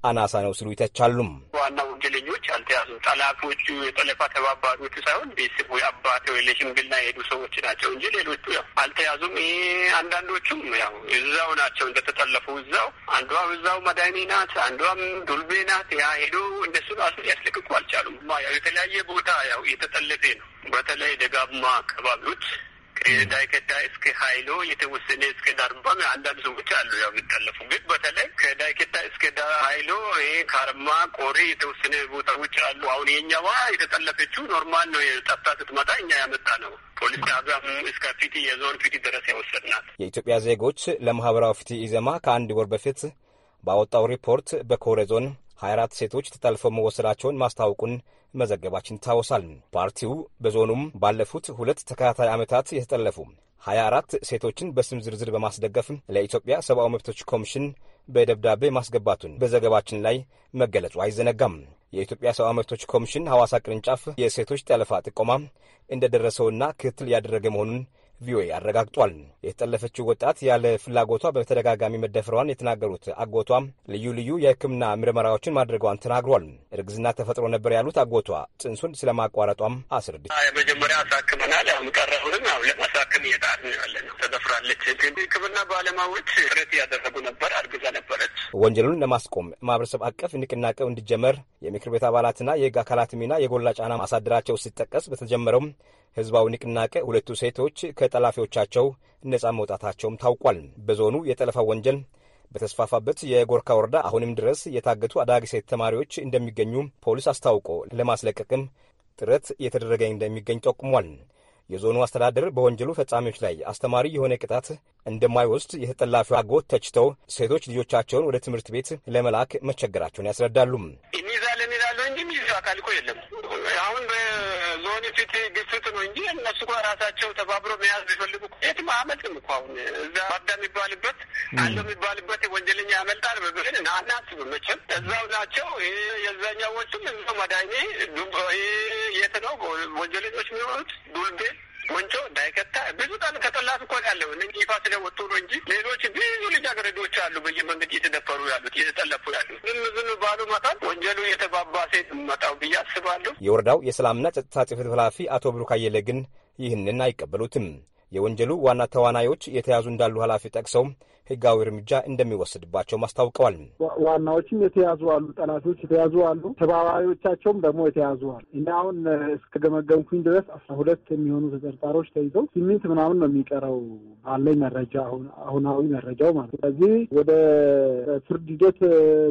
አናሳ ነው ሲሉ ይተቻሉም። ዋና ወንጀለኞች አልተያዙም። ጠላቶቹ የጠለፋ ተባባሪዎቹ ሳይሆን ቤተሰብ ወይ አባት ወይ ለሽምግልና የሄዱ ሰዎች ናቸው እንጂ ሌሎቹ ያው አልተያዙም። ይሄ አንዳንዶቹም ያው እዛው ናቸው እንደተጠለፉ እዛው፣ አንዷም እዛው መዳኒ ናት፣ አንዷም ዱልቤ ናት። ያ ሄዶ እንደሱ ራሱ ያስለቅቁ አልቻሉም። ያው የተለያየ ቦታ ያው የተጠለፌ ነው። በተለይ ደጋማ አካባቢዎች ከዳይ እስከ ሀይሎ የተወሰነ እስከ ዳርባ አንዳንድ ሰዎች አሉ ያው የሚጠለፉ ግን በተለይ ከዳይከዳ እስከ ሀይሎ ይሄ ካርማ ቆሪ የተወሰነ ቦታዎች አሉ። አሁን የኛዋ የተጠለፈችው ኖርማል ነው። ጠፍታ ስትመጣ እኛ ያመጣ ነው ፖሊስ ጣቢያም እስከ ፊት የዞን ፊት ድረስ ያወሰድናት። የኢትዮጵያ ዜጎች ለማህበራዊ ፍትህ ኢዜማ ከአንድ ወር በፊት ባወጣው ሪፖርት በኮሬ ዞን አራት ሴቶች ተጠልፈው መወሰዳቸውን ማስታወቁን መዘገባችን ይታወሳል። ፓርቲው በዞኑም ባለፉት ሁለት ተከታታይ ዓመታት የተጠለፉ 24 ሴቶችን በስም ዝርዝር በማስደገፍ ለኢትዮጵያ ሰብአዊ መብቶች ኮሚሽን በደብዳቤ ማስገባቱን በዘገባችን ላይ መገለጹ አይዘነጋም። የኢትዮጵያ ሰብአዊ መብቶች ኮሚሽን ሐዋሳ ቅርንጫፍ የሴቶች ጠለፋ ጥቆማ እንደደረሰውና ክትትል ያደረገ መሆኑን ቪኦኤ አረጋግጧል። የተጠለፈችው ወጣት ያለ ፍላጎቷ በተደጋጋሚ መደፈሯን የተናገሩት አጎቷ ልዩ ልዩ የሕክምና ምርመራዎችን ማድረጓን ተናግሯል። እርግዝና ተፈጥሮ ነበር ያሉት አጎቷ ጽንሱን ስለማቋረጧም አስረድች። መጀመሪያ አሳክመናል። አሁን ቀረሁንም አሁን ለማሳክም እየጣር ያለ ነው። ተደፍራለች። ሕክምና ባለሙያዎች ጥረት እያደረጉ ነበር። አርግዛ ነበረች። ወንጀሉን ለማስቆም ማህበረሰብ አቀፍ ንቅናቄው እንዲጀመር የምክር ቤት አባላትና የህግ አካላት ሚና የጎላ ጫና ማሳደራቸው ሲጠቀስ በተጀመረውም ህዝባዊ ንቅናቄ ሁለቱ ሴቶች ከጠላፊዎቻቸው ነጻ መውጣታቸውም ታውቋል። በዞኑ የጠለፋ ወንጀል በተስፋፋበት የጎርካ ወረዳ አሁንም ድረስ የታገቱ አዳጊ ሴት ተማሪዎች እንደሚገኙ ፖሊስ አስታውቆ ለማስለቀቅም ጥረት እየተደረገ እንደሚገኝ ጠቁሟል። የዞኑ አስተዳደር በወንጀሉ ፈጻሚዎች ላይ አስተማሪ የሆነ ቅጣት እንደማይወስድ የተጠላፊ አጎት ተችተው ሴቶች ልጆቻቸውን ወደ ትምህርት ቤት ለመላክ መቸገራቸውን ያስረዳሉ። እንይዛለን ይላሉ እንጂ የሚይዙ አካል እኮ የለም። አሁን በዞን ፊት ግፍት ነው እንጂ እነሱ እኮ ራሳቸው ተባብሮ መያዝ ቢፈልጉ የትም አመልጥም እኮ አሁን እዛ የሚባልበት አለ የሚባልበት ወንጀለኛ ያመልጣል ብብን መቼም እዛው ናቸው እዛው የት ነው ወንጀለኞች የሚሆኑት ዱልቤ ወንጮ እንዳይከታ ብዙ ጣን ከጠላት እኮ ያለው እነ ይፋ ስለወጡ ነው እንጂ ሌሎች ብዙ ልጃገረዶች አሉ በየመንገድ እየተደፈሩ ያሉት እየተጠለፉ ያሉት ዝም ዝም ባሉ መጣል ወንጀሉ እየተባባሰ መጣው ብዬ አስባለሁ። የወረዳው የሰላምና ጸጥታ ጽሕፈት ኃላፊ አቶ ብሩካየለ ግን ይህንን አይቀበሉትም። የወንጀሉ ዋና ተዋናዮች የተያዙ እንዳሉ ኃላፊ ጠቅሰው ህጋዊ እርምጃ እንደሚወሰድባቸው ማስታውቀዋል። ዋናዎችም የተያዙ አሉ፣ ጠላቶች የተያዙ አሉ፣ ተባባሪዎቻቸውም ደግሞ የተያዙ አሉ። እና አሁን እስከገመገምኩኝ ድረስ አስራ ሁለት የሚሆኑ ተጠርጣሪዎች ተይዘው ስምንት ምናምን ነው የሚቀረው ባለኝ መረጃ አሁናዊ መረጃው ማለት ስለዚህ ወደ ፍርድ ሂደት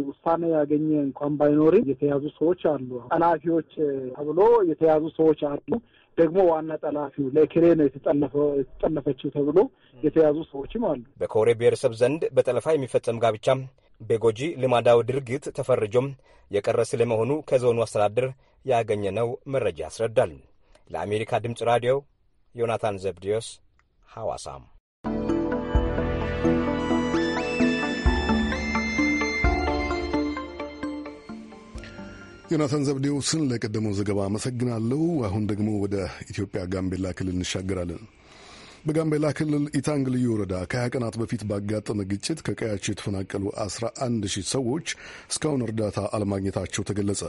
ውሳኔ ያገኘ እንኳን ባይኖርም የተያዙ ሰዎች አሉ፣ ጠላፊዎች ተብሎ የተያዙ ሰዎች አሉ። ደግሞ ዋና ጠላፊው ለክሬ ነው የተጠለፈችው ተብሎ የተያዙ ሰዎችም አሉ። በኮሬ ብሔረሰብ ዘንድ በጠለፋ የሚፈጸም ጋብቻ በጎጂ ልማዳዊ ድርጊት ተፈርጆም የቀረ ስለመሆኑ ከዞኑ አስተዳደር ያገኘነው መረጃ ያስረዳል። ለአሜሪካ ድምፅ ራዲዮ ዮናታን ዘብዲዮስ ሐዋሳም ዮናታን ስን ለቀደመው ዘገባ አመሰግናለሁ። አሁን ደግሞ ወደ ኢትዮጵያ ጋምቤላ ክልል እንሻገራለን። በጋምቤላ ክልል ኢታንግ ልዩ ወረዳ ከ ቀናት በፊት ባጋጠመ ግጭት ከቀያቸው የተፈናቀሉ 11 ሺህ ሰዎች እስካሁን እርዳታ አለማግኘታቸው ተገለጸ።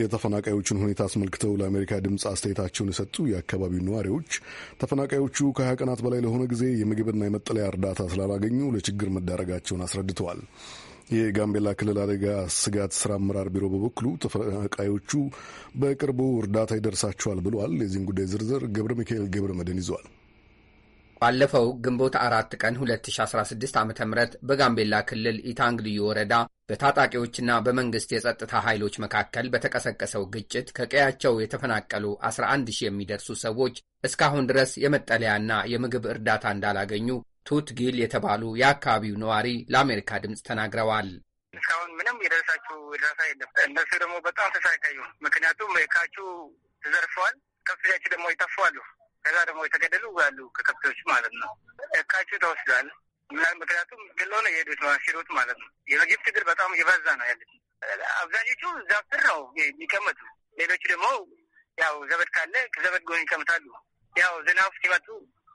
የተፈናቃዮቹን ሁኔታ አስመልክተው ለአሜሪካ ድምፅ አስተያየታቸውን የሰጡ የአካባቢው ነዋሪዎች ተፈናቃዮቹ ከሀያ ቀናት በላይ ለሆነ ጊዜ የምግብና የመጠለያ እርዳታ ስላላገኙ ለችግር መዳረጋቸውን አስረድተዋል። የጋምቤላ ክልል አደጋ ስጋት ስራ አመራር ቢሮ በበኩሉ ተፈናቃዮቹ በቅርቡ እርዳታ ይደርሳቸዋል ብለዋል የዚህን ጉዳይ ዝርዝር ገብረ ሚካኤል ገብረ መድህን ይዟል። ባለፈው ግንቦት አራት ቀን 2016 ዓ ም በጋምቤላ ክልል ኢታንግ ልዩ ወረዳ በታጣቂዎችና በመንግሥት የጸጥታ ኃይሎች መካከል በተቀሰቀሰው ግጭት ከቀያቸው የተፈናቀሉ 11 ሺህ የሚደርሱ ሰዎች እስካሁን ድረስ የመጠለያና የምግብ እርዳታ እንዳላገኙ ቱት ጊል የተባሉ የአካባቢው ነዋሪ ለአሜሪካ ድምፅ ተናግረዋል። እስካሁን ምንም የደረሳችሁ ድረሳ የለም። እነሱ ደግሞ በጣም ተሳካዩ። ምክንያቱም ካችሁ ተዘርፈዋል፣ ከብቶቻችሁ ደግሞ ይጠፋሉ። ከዛ ደግሞ የተገደሉ ያሉ ከከብቶች ማለት ነው። እቃችሁ ተወስዷል። ምክንያቱም ግል ሆነ የሄዱት ሽሮት ማለት ነው። የምግብ ችግር በጣም የበዛ ነው ያለ። አብዛኞቹ ዛፍር ነው የሚቀመጡ። ሌሎቹ ደግሞ ያው ዘበድ ካለ ከዘበድ ጎን ይቀምታሉ። ያው ዝናብ ሲመጡ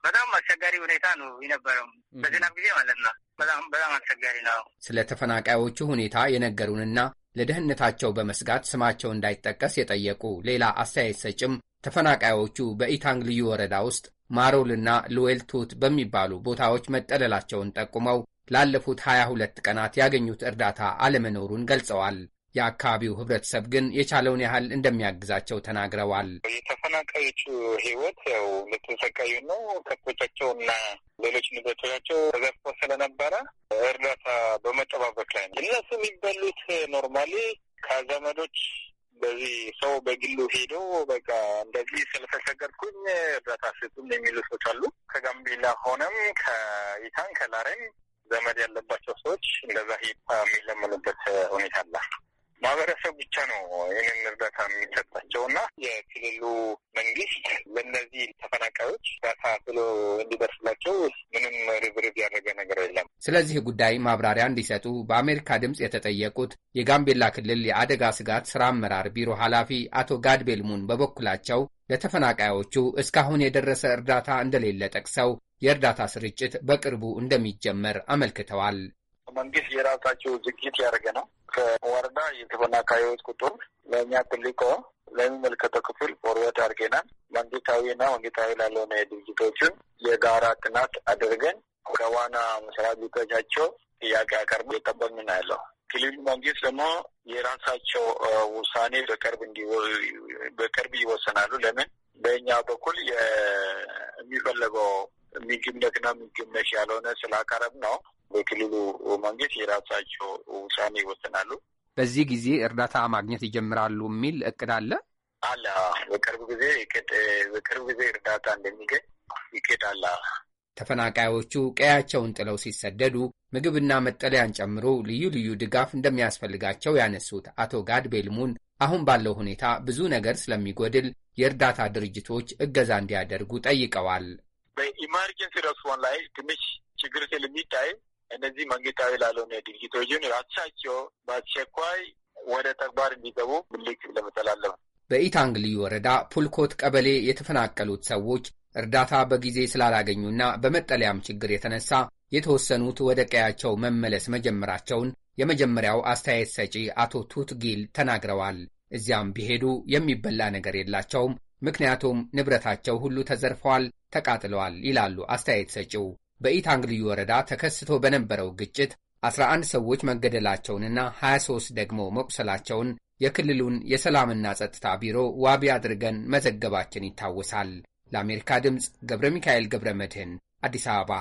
በጣም አስቸጋሪ ሁኔታ ነው የነበረው በዝናብ ጊዜ ማለት ነው። በጣም በጣም አስቸጋሪ ነው። ስለ ተፈናቃዮቹ ሁኔታ የነገሩንና ለደህንነታቸው በመስጋት ስማቸው እንዳይጠቀስ የጠየቁ ሌላ አስተያየት ሰጭም ተፈናቃዮቹ በኢታንግ ልዩ ወረዳ ውስጥ ማሮልና ሉዌልቱት በሚባሉ ቦታዎች መጠለላቸውን ጠቁመው ላለፉት 22 ቀናት ያገኙት እርዳታ አለመኖሩን ገልጸዋል። የአካባቢው ህብረተሰብ ግን የቻለውን ያህል እንደሚያግዛቸው ተናግረዋል። የተፈናቃዮቹ ህይወት ያው ልትሰቃዩ ነው። ከብቶቻቸው እና ሌሎች ንብረቶቻቸው ተዘርፎ ስለነበረ እርዳታ በመጠባበቅ ላይ ነው። እነሱ የሚበሉት ኖርማሊ ከዘመዶች በዚህ ሰው በግሉ ሄዶ በቃ እንደዚህ ስለተቸገርኩኝ እርዳታ ስጡም የሚሉ ሰዎች አሉ። ከጋምቢላ ሆነም ከኢታን ከላሬን ዘመድ ያለባቸው ሰዎች እንደዛ ሄ የሚለምኑበት ሁኔታ አለ። ማህበረሰብ ብቻ ነው ይህንን እርዳታ የሚሰጣቸው እና የክልሉ መንግስት ለእነዚህ ተፈናቃዮች እርዳታ ብሎ እንዲደርስላቸው ምንም ርብርብ ያደረገ ነገር የለም። ስለዚህ ጉዳይ ማብራሪያ እንዲሰጡ በአሜሪካ ድምፅ የተጠየቁት የጋምቤላ ክልል የአደጋ ስጋት ስራ አመራር ቢሮ ኃላፊ አቶ ጋድቤልሙን በበኩላቸው ለተፈናቃዮቹ እስካሁን የደረሰ እርዳታ እንደሌለ ጠቅሰው የእርዳታ ስርጭት በቅርቡ እንደሚጀመር አመልክተዋል። መንግስት የራሳቸው ዝግጅት ያደረገ ነው። ከወረዳ የተፈናቃዮች ቁጥር ለእኛ ትልቆ ለሚመለከተው ክፍል ፎርወርድ አድርገናል። መንግስታዊና መንግስታዊ ላለሆነ ድርጅቶችን የጋራ ጥናት አድርገን ከዋና መስሪያ ቤቶቻቸው ጥያቄ አቀርብ የጠበምን ነው ያለው። ክልሉ መንግስት ደግሞ የራሳቸው ውሳኔ በቅርብ እንዲ በቅርብ ይወሰናሉ። ለምን በእኛ በኩል የሚፈለገው ምግብ ነክና ምግብ ነክ ያልሆነ ስላቀረብ ነው በክልሉ መንግስት የራሳቸው ውሳኔ ይወስናሉ። በዚህ ጊዜ እርዳታ ማግኘት ይጀምራሉ የሚል እቅድ አለ አለ በቅርብ ጊዜ በቅርብ ጊዜ እርዳታ እንደሚገኝ ይቅድ አለ። ተፈናቃዮቹ ቀያቸውን ጥለው ሲሰደዱ ምግብና መጠለያን ጨምሮ ልዩ ልዩ ድጋፍ እንደሚያስፈልጋቸው ያነሱት አቶ ጋድ ቤልሙን አሁን ባለው ሁኔታ ብዙ ነገር ስለሚጎድል የእርዳታ ድርጅቶች እገዛ እንዲያደርጉ ጠይቀዋል። በኢማርጀንሲ ረስፖን ላይ ትንሽ ችግር ስለሚታይ እነዚህ መንግስታዊ ላልሆነ ድርጅቶችን ራሳቸው በአስቸኳይ ወደ ተግባር እንዲገቡ ብልክ ለመተላለፍ በኢታንግ ልዩ ወረዳ ፑልኮት ቀበሌ የተፈናቀሉት ሰዎች እርዳታ በጊዜ ስላላገኙና በመጠለያም ችግር የተነሳ የተወሰኑት ወደ ቀያቸው መመለስ መጀመራቸውን የመጀመሪያው አስተያየት ሰጪ አቶ ቱት ጊል ተናግረዋል። እዚያም ቢሄዱ የሚበላ ነገር የላቸውም፣ ምክንያቱም ንብረታቸው ሁሉ ተዘርፈዋል፣ ተቃጥለዋል ይላሉ አስተያየት ሰጪው። በኢታንግልዩ ወረዳ ተከስቶ በነበረው ግጭት 11 ሰዎች መገደላቸውንና 23 ደግሞ መቁሰላቸውን የክልሉን የሰላምና ጸጥታ ቢሮ ዋቢ አድርገን መዘገባችን ይታወሳል። ለአሜሪካ ድምፅ ገብረ ሚካኤል ገብረ መድህን አዲስ አበባ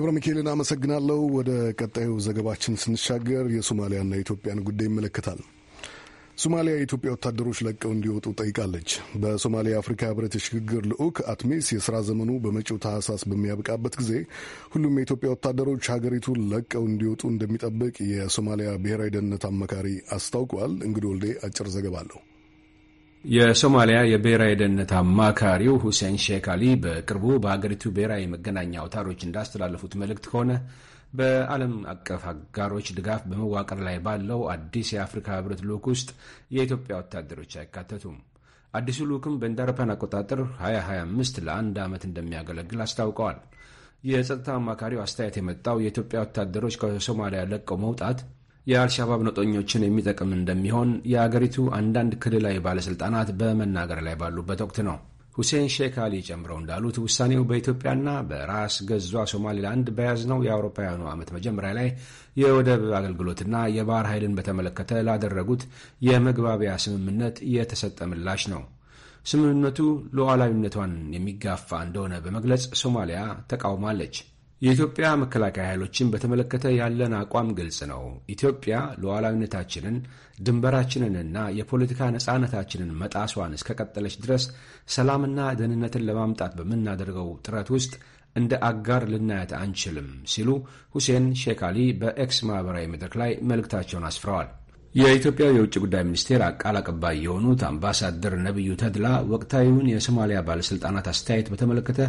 ገብረ ሚካኤልን አመሰግናለሁ። ወደ ቀጣዩ ዘገባችን ስንሻገር የሶማሊያና የኢትዮጵያን ጉዳይ ይመለከታል። ሶማሊያ የኢትዮጵያ ወታደሮች ለቀው እንዲወጡ ጠይቃለች። በሶማሊያ አፍሪካ ህብረት የሽግግር ልዑክ አትሚስ የስራ ዘመኑ በመጪው ታህሳስ በሚያብቃበት ጊዜ ሁሉም የኢትዮጵያ ወታደሮች ሀገሪቱን ለቀው እንዲወጡ እንደሚጠብቅ የሶማሊያ ብሔራዊ ደህንነት አማካሪ አስታውቋል። እንግዲህ ወልዴ አጭር ዘገባ አለሁ የሶማሊያ የብሔራዊ ደህንነት አማካሪው ሁሴን ሼክ አሊ በቅርቡ በሀገሪቱ ብሔራዊ መገናኛ አውታሮች እንዳስተላለፉት መልእክት ከሆነ በዓለም አቀፍ አጋሮች ድጋፍ በመዋቅር ላይ ባለው አዲስ የአፍሪካ ህብረት ልዑክ ውስጥ የኢትዮጵያ ወታደሮች አይካተቱም። አዲሱ ልዑክም እንደ አውሮፓውያን አቆጣጠር 2025 ለአንድ ዓመት እንደሚያገለግል አስታውቀዋል። የጸጥታ አማካሪው አስተያየት የመጣው የኢትዮጵያ ወታደሮች ከሶማሊያ ለቀው መውጣት የአልሻባብ ነጦኞችን የሚጠቅም እንደሚሆን የአገሪቱ አንዳንድ ክልላዊ ባለሥልጣናት በመናገር ላይ ባሉበት ወቅት ነው። ሁሴን ሼክ አሊ ጨምረው እንዳሉት ውሳኔው በኢትዮጵያና በራስ ገዟ ሶማሌላንድ በያዝነው የአውሮፓውያኑ ዓመት መጀመሪያ ላይ የወደብ አገልግሎትና የባህር ኃይልን በተመለከተ ላደረጉት የመግባቢያ ስምምነት የተሰጠ ምላሽ ነው። ስምምነቱ ሉዓላዊነቷን የሚጋፋ እንደሆነ በመግለጽ ሶማሊያ ተቃውማለች። የኢትዮጵያ መከላከያ ኃይሎችን በተመለከተ ያለን አቋም ግልጽ ነው። ኢትዮጵያ ሉዓላዊነታችንን፣ ድንበራችንንና የፖለቲካ ነፃነታችንን መጣሷን እስከቀጠለች ድረስ ሰላምና ደህንነትን ለማምጣት በምናደርገው ጥረት ውስጥ እንደ አጋር ልናያት አንችልም ሲሉ ሁሴን ሼክ አሊ በኤክስ ማኅበራዊ መድረክ ላይ መልእክታቸውን አስፍረዋል። የኢትዮጵያ የውጭ ጉዳይ ሚኒስቴር ቃል አቀባይ የሆኑት አምባሳደር ነቢዩ ተድላ ወቅታዊውን የሶማሊያ ባለሥልጣናት አስተያየት በተመለከተ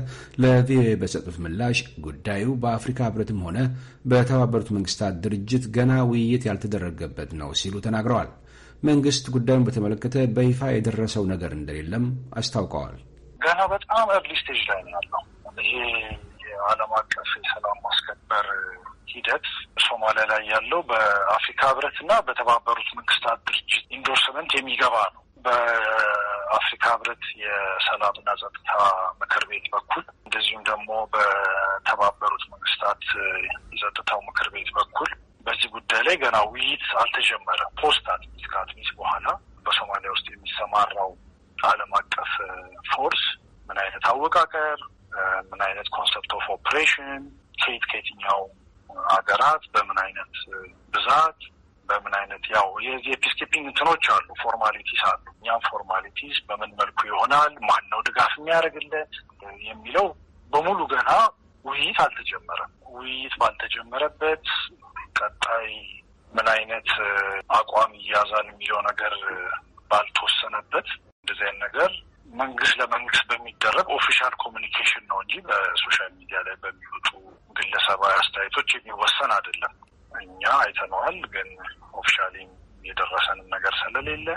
ለቪኦኤ በሰጡት ምላሽ ጉዳዩ በአፍሪካ ሕብረትም ሆነ በተባበሩት መንግስታት ድርጅት ገና ውይይት ያልተደረገበት ነው ሲሉ ተናግረዋል። መንግስት ጉዳዩን በተመለከተ በይፋ የደረሰው ነገር እንደሌለም አስታውቀዋል። ገና በጣም እርሊ ስቴጅ ላይ ነው ያለው። ይሄ የዓለም አቀፍ የሰላም ማስከበር ሂደት ሶማሊያ ላይ ያለው በአፍሪካ ህብረትና በተባበሩት መንግስታት ድርጅት ኢንዶርስመንት የሚገባ ነው። በአፍሪካ ህብረት የሰላምና ጸጥታ ምክር ቤት በኩል እንደዚሁም ደግሞ በተባበሩት መንግስታት ጸጥታው ምክር ቤት በኩል በዚህ ጉዳይ ላይ ገና ውይይት አልተጀመረም። ፖስት አትሚስ ከአትሚስ በኋላ በሶማሊያ ውስጥ የሚሰማራው ዓለም አቀፍ ፎርስ ምን አይነት አወቃቀር፣ ምን አይነት ኮንሰፕት ኦፍ ኦፕሬሽን ከየት ከየትኛው ሀገራት በምን አይነት ብዛት በምን አይነት ያው የፒስኬፒንግ እንትኖች አሉ፣ ፎርማሊቲስ አሉ። እኛም ፎርማሊቲስ በምን መልኩ ይሆናል፣ ማን ነው ድጋፍ የሚያደርግልን የሚለው በሙሉ ገና ውይይት አልተጀመረም። ውይይት ባልተጀመረበት ቀጣይ ምን አይነት አቋም ይያዛል የሚለው ነገር ባልተወሰነበት እንደዚህ አይነት ነገር መንግስት ለመንግስት በሚደረግ ኦፊሻል ኮሚኒኬሽን ነው እንጂ በሶሻል ሚዲያ ላይ በሚወጡ ግለሰባዊ አስተያየቶች የሚወሰን አይደለም። እኛ አይተነዋል፣ ግን ኦፊሻሊ የደረሰንም ነገር ስለሌለ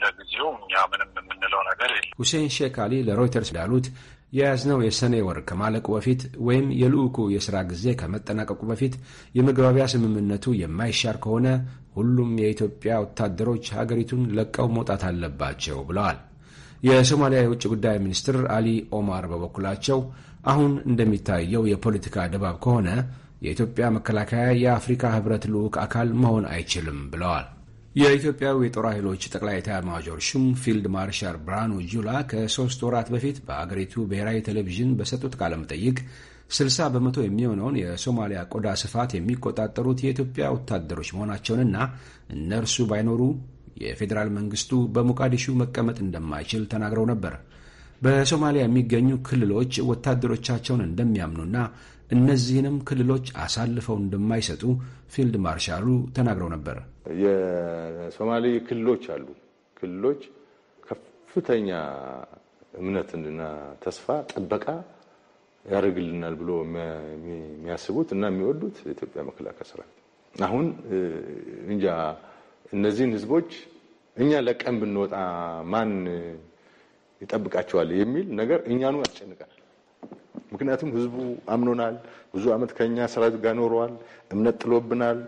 ለጊዜው እኛ ምንም የምንለው ነገር የለም። ሁሴን ሼክ አሊ ለሮይተርስ እንዳሉት የያዝነው የሰኔ ወር ከማለቁ በፊት ወይም የልዑኩ የሥራ ጊዜ ከመጠናቀቁ በፊት የመግባቢያ ስምምነቱ የማይሻር ከሆነ ሁሉም የኢትዮጵያ ወታደሮች ሀገሪቱን ለቀው መውጣት አለባቸው ብለዋል። የሶማሊያ የውጭ ጉዳይ ሚኒስትር አሊ ኦማር በበኩላቸው አሁን እንደሚታየው የፖለቲካ ድባብ ከሆነ የኢትዮጵያ መከላከያ የአፍሪካ ህብረት ልዑክ አካል መሆን አይችልም ብለዋል። የኢትዮጵያው የጦር ኃይሎች ጠቅላይ ኤታማዦር ሹም ፊልድ ማርሻል ብርሃኑ ጁላ ከሶስት ወራት በፊት በአገሪቱ ብሔራዊ ቴሌቪዥን በሰጡት ቃለ መጠይቅ 60 በመቶ የሚሆነውን የሶማሊያ ቆዳ ስፋት የሚቆጣጠሩት የኢትዮጵያ ወታደሮች መሆናቸውንና እነርሱ ባይኖሩ የፌዴራል መንግስቱ በሞቃዲሹ መቀመጥ እንደማይችል ተናግረው ነበር። በሶማሊያ የሚገኙ ክልሎች ወታደሮቻቸውን እንደሚያምኑና እነዚህንም ክልሎች አሳልፈው እንደማይሰጡ ፊልድ ማርሻሉ ተናግረው ነበር። የሶማሌ ክልሎች አሉ። ክልሎች ከፍተኛ እምነትና ተስፋ ጥበቃ ያደርግልናል ብሎ የሚያስቡት እና የሚወዱት የኢትዮጵያ መከላከያ ሰራዊት አሁን እንጃ እነዚህን ህዝቦች እኛ ለቀን ብንወጣ ማን ይጠብቃቸዋል የሚል ነገር እኛኑ ያስጨንቀናል። ምክንያቱም ህዝቡ አምኖናል፣ ብዙ ዓመት ከኛ ሰራዊት ጋር ኖረዋል፣ እምነት ጥሎብናል።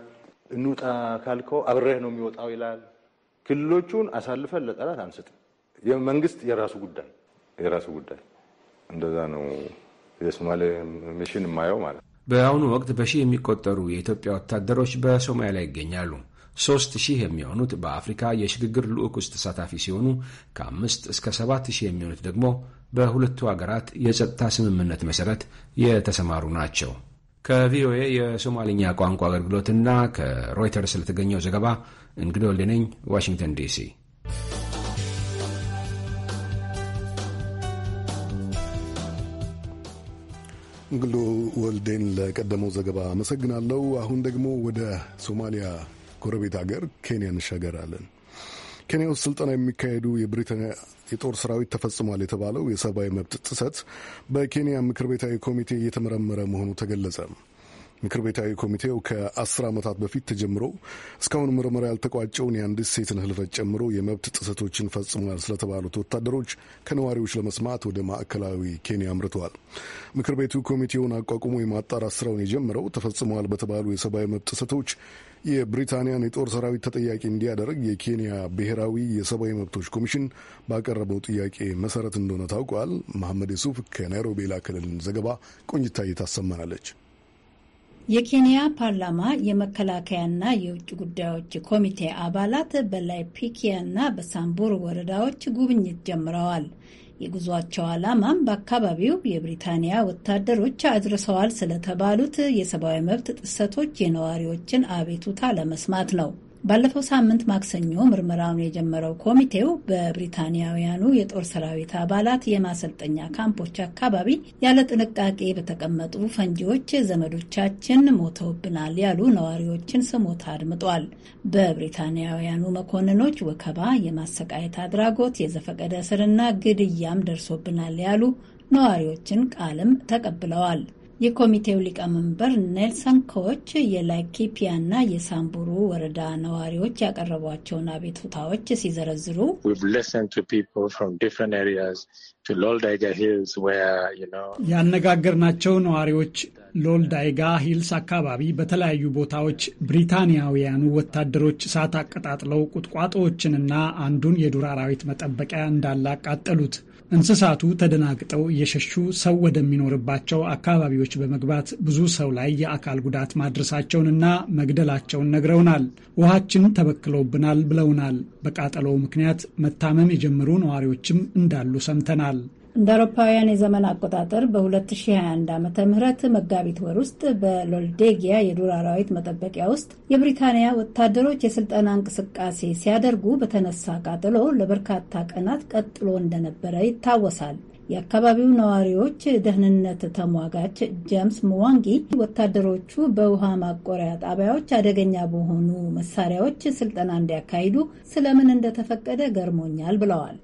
እንውጣ ካልከው አብረህ ነው የሚወጣው ይላል። ክልሎቹን አሳልፈን ለጠላት አንስጥም። የመንግስት የራሱ ጉዳይ የራሱ ጉዳይ እንደዛ ነው የሶማሌ ሚሽን የማየው ማለት ነው። በአሁኑ ወቅት በሺህ የሚቆጠሩ የኢትዮጵያ ወታደሮች በሶማሊያ ይገኛሉ። ሶስት ሺህ የሚሆኑት በአፍሪካ የሽግግር ልዑክ ውስጥ ተሳታፊ ሲሆኑ ከአምስት እስከ ሰባት ሺህ የሚሆኑት ደግሞ በሁለቱ አገራት የጸጥታ ስምምነት መሠረት የተሰማሩ ናቸው። ከቪኦኤ የሶማሊኛ ቋንቋ አገልግሎትና ከሮይተርስ ስለተገኘው ዘገባ እንግዶ ልነኝ ዋሽንግተን ዲሲ። እንግዶ ወልዴን ለቀደመው ዘገባ አመሰግናለሁ። አሁን ደግሞ ወደ ሶማሊያ ጎረቤት ሀገር ኬንያ እንሻገራለን። ኬንያ ውስጥ ስልጠና የሚካሄዱ የብሪታንያ የጦር ሰራዊት ተፈጽሟል የተባለው የሰብአዊ መብት ጥሰት በኬንያ ምክር ቤታዊ ኮሚቴ እየተመረመረ መሆኑ ተገለጸ። ምክር ቤታዊ ኮሚቴው ከአስር ዓመታት በፊት ተጀምሮ እስካሁን ምርመራ ያልተቋጨውን የአንዲት ሴትን ህልፈት ጨምሮ የመብት ጥሰቶችን ፈጽሟል ስለተባሉት ወታደሮች ከነዋሪዎች ለመስማት ወደ ማዕከላዊ ኬንያ አምርተዋል። ምክር ቤቱ ኮሚቴውን አቋቁሞ የማጣራት ስራውን የጀመረው ተፈጽመዋል በተባሉ የሰብአዊ መብት ጥሰቶች የብሪታንያን የጦር ሰራዊት ተጠያቂ እንዲያደርግ የኬንያ ብሔራዊ የሰብአዊ መብቶች ኮሚሽን ባቀረበው ጥያቄ መሰረት እንደሆነ ታውቋል። መሐመድ የሱፍ ከናይሮቢ ላከልን ዘገባ ቆንጅታ ታሰማናለች። የኬንያ ፓርላማ የመከላከያና የውጭ ጉዳዮች ኮሚቴ አባላት በላይፒኪያና በሳምቡር ወረዳዎች ጉብኝት ጀምረዋል። የጉዟቸው ዓላማም በአካባቢው የብሪታንያ ወታደሮች አድርሰዋል ስለተባሉት የሰብአዊ መብት ጥሰቶች የነዋሪዎችን አቤቱታ ለመስማት ነው። ባለፈው ሳምንት ማክሰኞ ምርመራውን የጀመረው ኮሚቴው በብሪታንያውያኑ የጦር ሰራዊት አባላት የማሰልጠኛ ካምፖች አካባቢ ያለ ጥንቃቄ በተቀመጡ ፈንጂዎች ዘመዶቻችን ሞተውብናል ያሉ ነዋሪዎችን ስሞታ አድምጧል። በብሪታንያውያኑ መኮንኖች ወከባ፣ የማሰቃየት አድራጎት፣ የዘፈቀደ እስርና ግድያም ደርሶብናል ያሉ ነዋሪዎችን ቃልም ተቀብለዋል። የኮሚቴው ሊቀመንበር ኔልሰን ኮች የላይኪፒያና የሳምቡሩ ወረዳ ነዋሪዎች ያቀረቧቸውን አቤቱታዎች ሲዘረዝሩ ያነጋገርናቸው ነዋሪዎች ሎልዳይጋ ሂልስ አካባቢ በተለያዩ ቦታዎች ብሪታንያውያኑ ወታደሮች እሳት አቀጣጥለው ቁጥቋጦዎችንና አንዱን የዱር አራዊት መጠበቂያ እንዳላቃጠሉት እንስሳቱ ተደናግጠው እየሸሹ ሰው ወደሚኖርባቸው አካባቢዎች በመግባት ብዙ ሰው ላይ የአካል ጉዳት ማድረሳቸውንና መግደላቸውን ነግረውናል። ውሃችን ተበክሎብናል ብለውናል። በቃጠሎው ምክንያት መታመም የጀመሩ ነዋሪዎችም እንዳሉ ሰምተናል። እንደ አውሮፓውያን የዘመን አቆጣጠር በ2021 ዓ ም መጋቢት ወር ውስጥ በሎልዴጊያ የዱር አራዊት መጠበቂያ ውስጥ የብሪታንያ ወታደሮች የስልጠና እንቅስቃሴ ሲያደርጉ በተነሳ ቃጠሎ ለበርካታ ቀናት ቀጥሎ እንደነበረ ይታወሳል። የአካባቢው ነዋሪዎች ደህንነት ተሟጋች ጄምስ ሙዋንጊ ወታደሮቹ በውሃ ማቆሪያ ጣቢያዎች አደገኛ በሆኑ መሳሪያዎች ስልጠና እንዲያካሂዱ ስለምን እንደተፈቀደ ገርሞኛል ብለዋል።